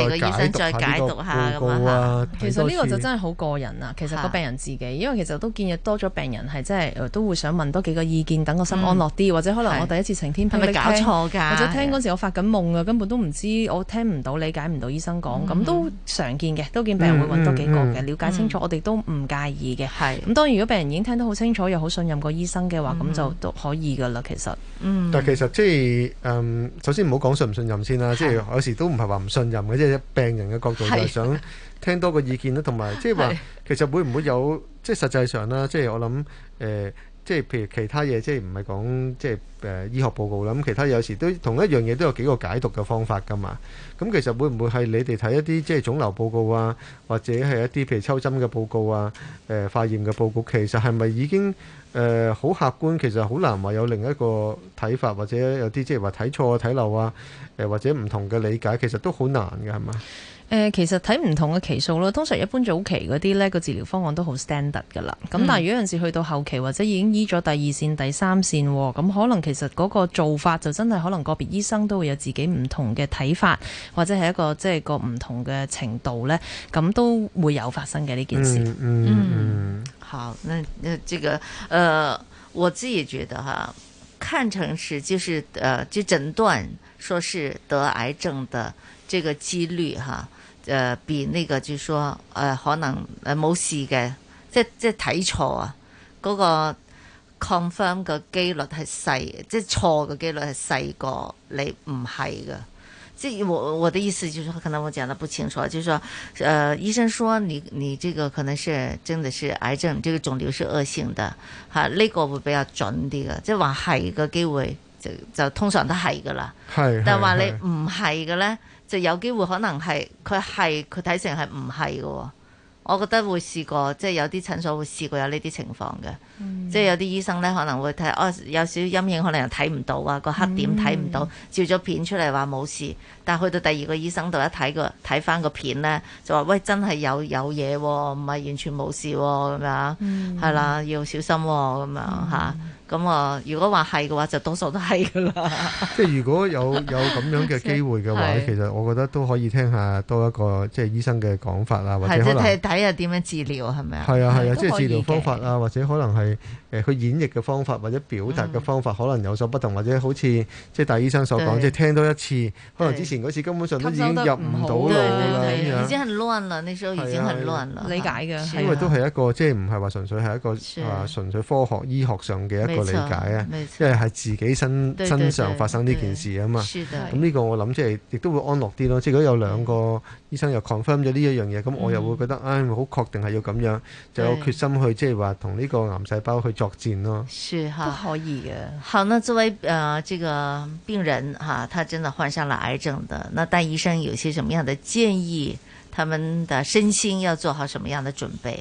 再解讀下咁樣。其實呢個就真係好個人啊。其實個病人自己，因為其實都見多咗病人係真係都會想問多幾個意見，等個心安樂啲。或者可能我第一次晴天，係咪搞錯㗎？或者聽嗰陣我發緊夢啊，根本都唔知，我聽唔到，理解唔到醫生講，咁都常見嘅，都見病人會搵多幾個。嘅瞭解清楚，嗯、我哋都唔介意嘅。係咁是，當然如果病人已經聽得好清楚，又好信任個醫生嘅話，咁、嗯、就都可以㗎喇。其實，嗯，但其實即係誒，首先唔好講信唔信任先啦。是的 即係有時都唔係話唔信任嘅，即係病人嘅角度就係想聽多個意見啦，同埋是的 即係話其實會唔會有即係實際上啦。即係我諗誒。呃即係譬如其他嘢，即係唔係講即係誒、呃、醫學報告啦。咁其他有時都同一樣嘢都有幾個解讀嘅方法㗎嘛。咁其實會唔會係你哋睇一啲即係腫瘤報告啊，或者係一啲譬如抽針嘅報告啊、誒、呃、化驗嘅報告，其實係咪已經誒好、呃、客觀？其實好難話有另一個睇法，或者有啲即係話睇錯啊、睇漏啊，誒、呃、或者唔同嘅理解，其實都好難嘅，係嘛？誒、呃，其實睇唔同嘅期數咯，通常一般早期嗰啲呢個治療方案都好 standard 噶啦。咁但係如果有時候去到後期或者已經醫咗第二線、第三線，咁可能其實嗰個做法就真係可能個別醫生都會有自己唔同嘅睇法，或者係一個即係、就是、個唔同嘅程度呢，咁都會有發生嘅呢件事。嗯，嗯好，那那這個，誒、呃，我自己覺得哈，看成是就是，誒、呃，就診斷說是得癌症的這個機率哈。呃誒變呢個就說、呃呃，就説誒可能誒冇事嘅，即即睇錯啊！嗰、那個 confirm 嘅幾率係細，即錯嘅幾率係細過你唔係嘅。即我我嘅意思就是，可能我講得不清楚，就説、是、誒、呃、醫生説你你這個可能是真的是癌症，這個腫瘤是惡性的，嚇、啊、呢、這個會比較準啲嘅。即話係一個機會，就就通常都係嘅啦。係是，但話你唔係嘅咧。就有機會可能係佢係佢睇成係唔係嘅，我覺得會試過，即係有啲診所會試過有呢啲情況嘅，嗯、即係有啲醫生咧可能會睇，哦有少少陰影，可能又睇唔到啊個黑點睇唔到，嗯、照咗片出嚟話冇事。但去到第二個醫生度一睇，個睇翻個片咧，就話喂真係有有嘢喎、啊，唔係完全冇事喎咁樣，係、嗯、啦要小心喎咁樣嚇。咁啊、嗯，如果話係嘅話，就多數都係㗎喇。即係如果有有咁樣嘅機會嘅話， 是其實我覺得都可以聽下多一個即係醫生嘅講法啦，或者睇下點樣治療係咪啊？係啊係啊，即係治療方法啊，或者可能係誒佢演繹嘅方法或者表達嘅方法、嗯、可能有所不同，或者好似即係大醫生所講，對即係聽多一次，可能之嗰次根本上都已經入唔到腦啦，已經很亂啦，嗰時候已經很亂啦，理解嘅，因為都係一個即係唔係話純粹係一個啊純粹科學醫學上嘅一個理解啊，因為係自己身身上發生呢件事啊嘛，咁呢個我諗即係亦都會安樂啲咯。即係如果有兩個醫生又 confirm 咗呢一樣嘢，咁我又會覺得唉好確定係要咁樣，就有決心去即係話同呢個癌細胞去作戰咯。是哈，都可以嘅。好，呢，作為啊這個病人哈，他真係患上了癌症。那戴醫生有些什麼樣的建議？他們的身心要做好什麼樣的準備？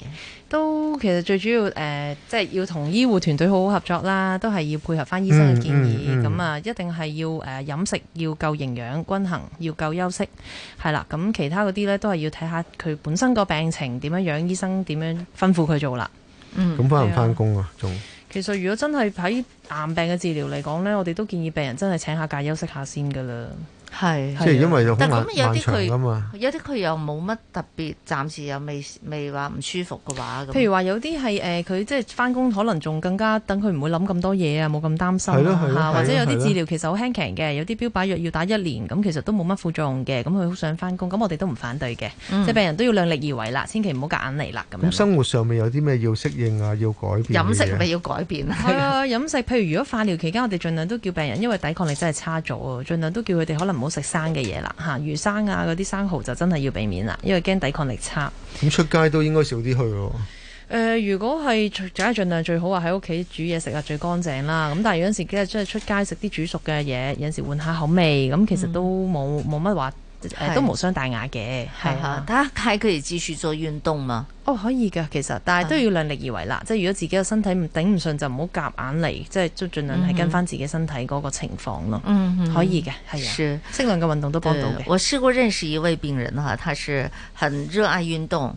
都其實最主要誒，即、呃、係、就是、要同醫護團隊好好合作啦，都係要配合翻醫生嘅建議。咁、嗯嗯嗯、啊，一定係要誒飲、呃、食要夠營養均衡，要夠休息，係啦。咁其他嗰啲呢，都係要睇下佢本身個病情點樣樣，醫生點樣吩咐佢做啦。嗯，咁翻唔翻工啊？仲、啊、還其實如果真係喺癌病嘅治療嚟講呢，我哋都建議病人真係請下假休息下先噶啦。係，係係啊、即係因為很有啲佢，有啲佢又冇乜特別，暫時又未未話唔舒服嘅話。譬如話有啲係誒，佢、呃、即係翻工，可能仲更加等佢唔會諗咁多嘢啊，冇咁擔心啊，或者有啲治療其實好輕嘅，啊啊、有啲標靶藥要打一年，咁其實都冇乜副作用嘅。咁佢好想翻工，咁我哋都唔反對嘅。嗯、即係病人都要量力而為啦，千祈唔好夾硬嚟啦。咁、嗯、生活上面有啲咩要適應啊，要改變？飲食咪要改變。係啊，飲食。譬如如果化療期間，我哋儘量都叫病人，因為抵抗力真係差咗啊，儘量都叫佢哋可能，冇食生嘅嘢啦，嚇魚生啊，嗰啲生蠔就真係要避免啦，因為驚抵抗力差。咁、嗯、出街都應該少啲去喎、哦。誒、呃，如果係出街，儘量最好啊，喺屋企煮嘢食啊，最乾淨啦。咁但係有陣時，即係真係出街食啲煮熟嘅嘢，有陣時換下口味，咁其實都冇冇乜話。嗯誒、哎，都無傷大雅嘅，係吓的，但係佢哋自視做運動嘛。哦，可以㗎，其實，但係都要量力而為啦。即係的如果自己嘅身體唔頂唔順，就唔好夾硬嚟，即係都盡量係跟翻自己身體嗰個情況咯。嗯哼，可以嘅，係啊。適的量嘅運動都幫到嘅。我試過認識一位病人啦，他是很熱愛運動。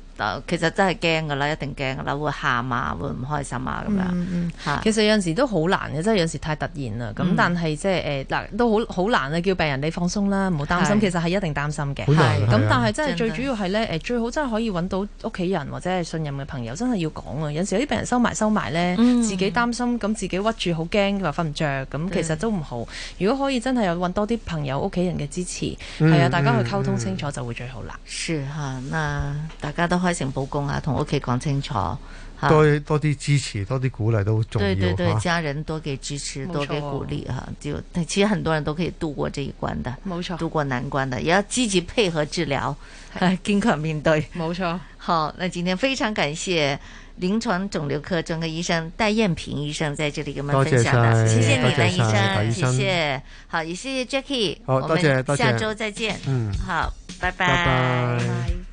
其實真係驚㗎啦，一定驚㗎啦，會喊啊，會唔開心啊咁樣。其實有陣時都好難嘅，真係有陣時太突然啦。咁但係即係誒嗱，都好好難啊！叫病人你放鬆啦，唔好擔心。其實係一定擔心嘅。咁，但係真係最主要係咧誒，最好真係可以揾到屋企人或者係信任嘅朋友，真係要講啊！有時有啲病人收埋收埋咧，自己擔心咁自己屈住好驚，佢話瞓唔着咁，其實都唔好。如果可以真係有揾多啲朋友、屋企人嘅支持，係啊，大家去溝通清楚就會最好啦。舒閒啊，大家都可以。成保工啊，同屋企講清楚。多多啲支持，多啲鼓勵都重要。對家人多啲支持，多啲鼓勵吓，就其實很多人都可以度過這一關的。冇錯，度過難關的，也要積極配合治療，堅強面對。冇錯，好，那今天非常感謝臨床腫瘤科專科醫生戴燕萍醫生在這裏跟我們分享的，謝謝你，戴醫生，謝謝。好，也謝謝 Jackie。好，多謝多謝，下周再見。嗯，好，拜拜。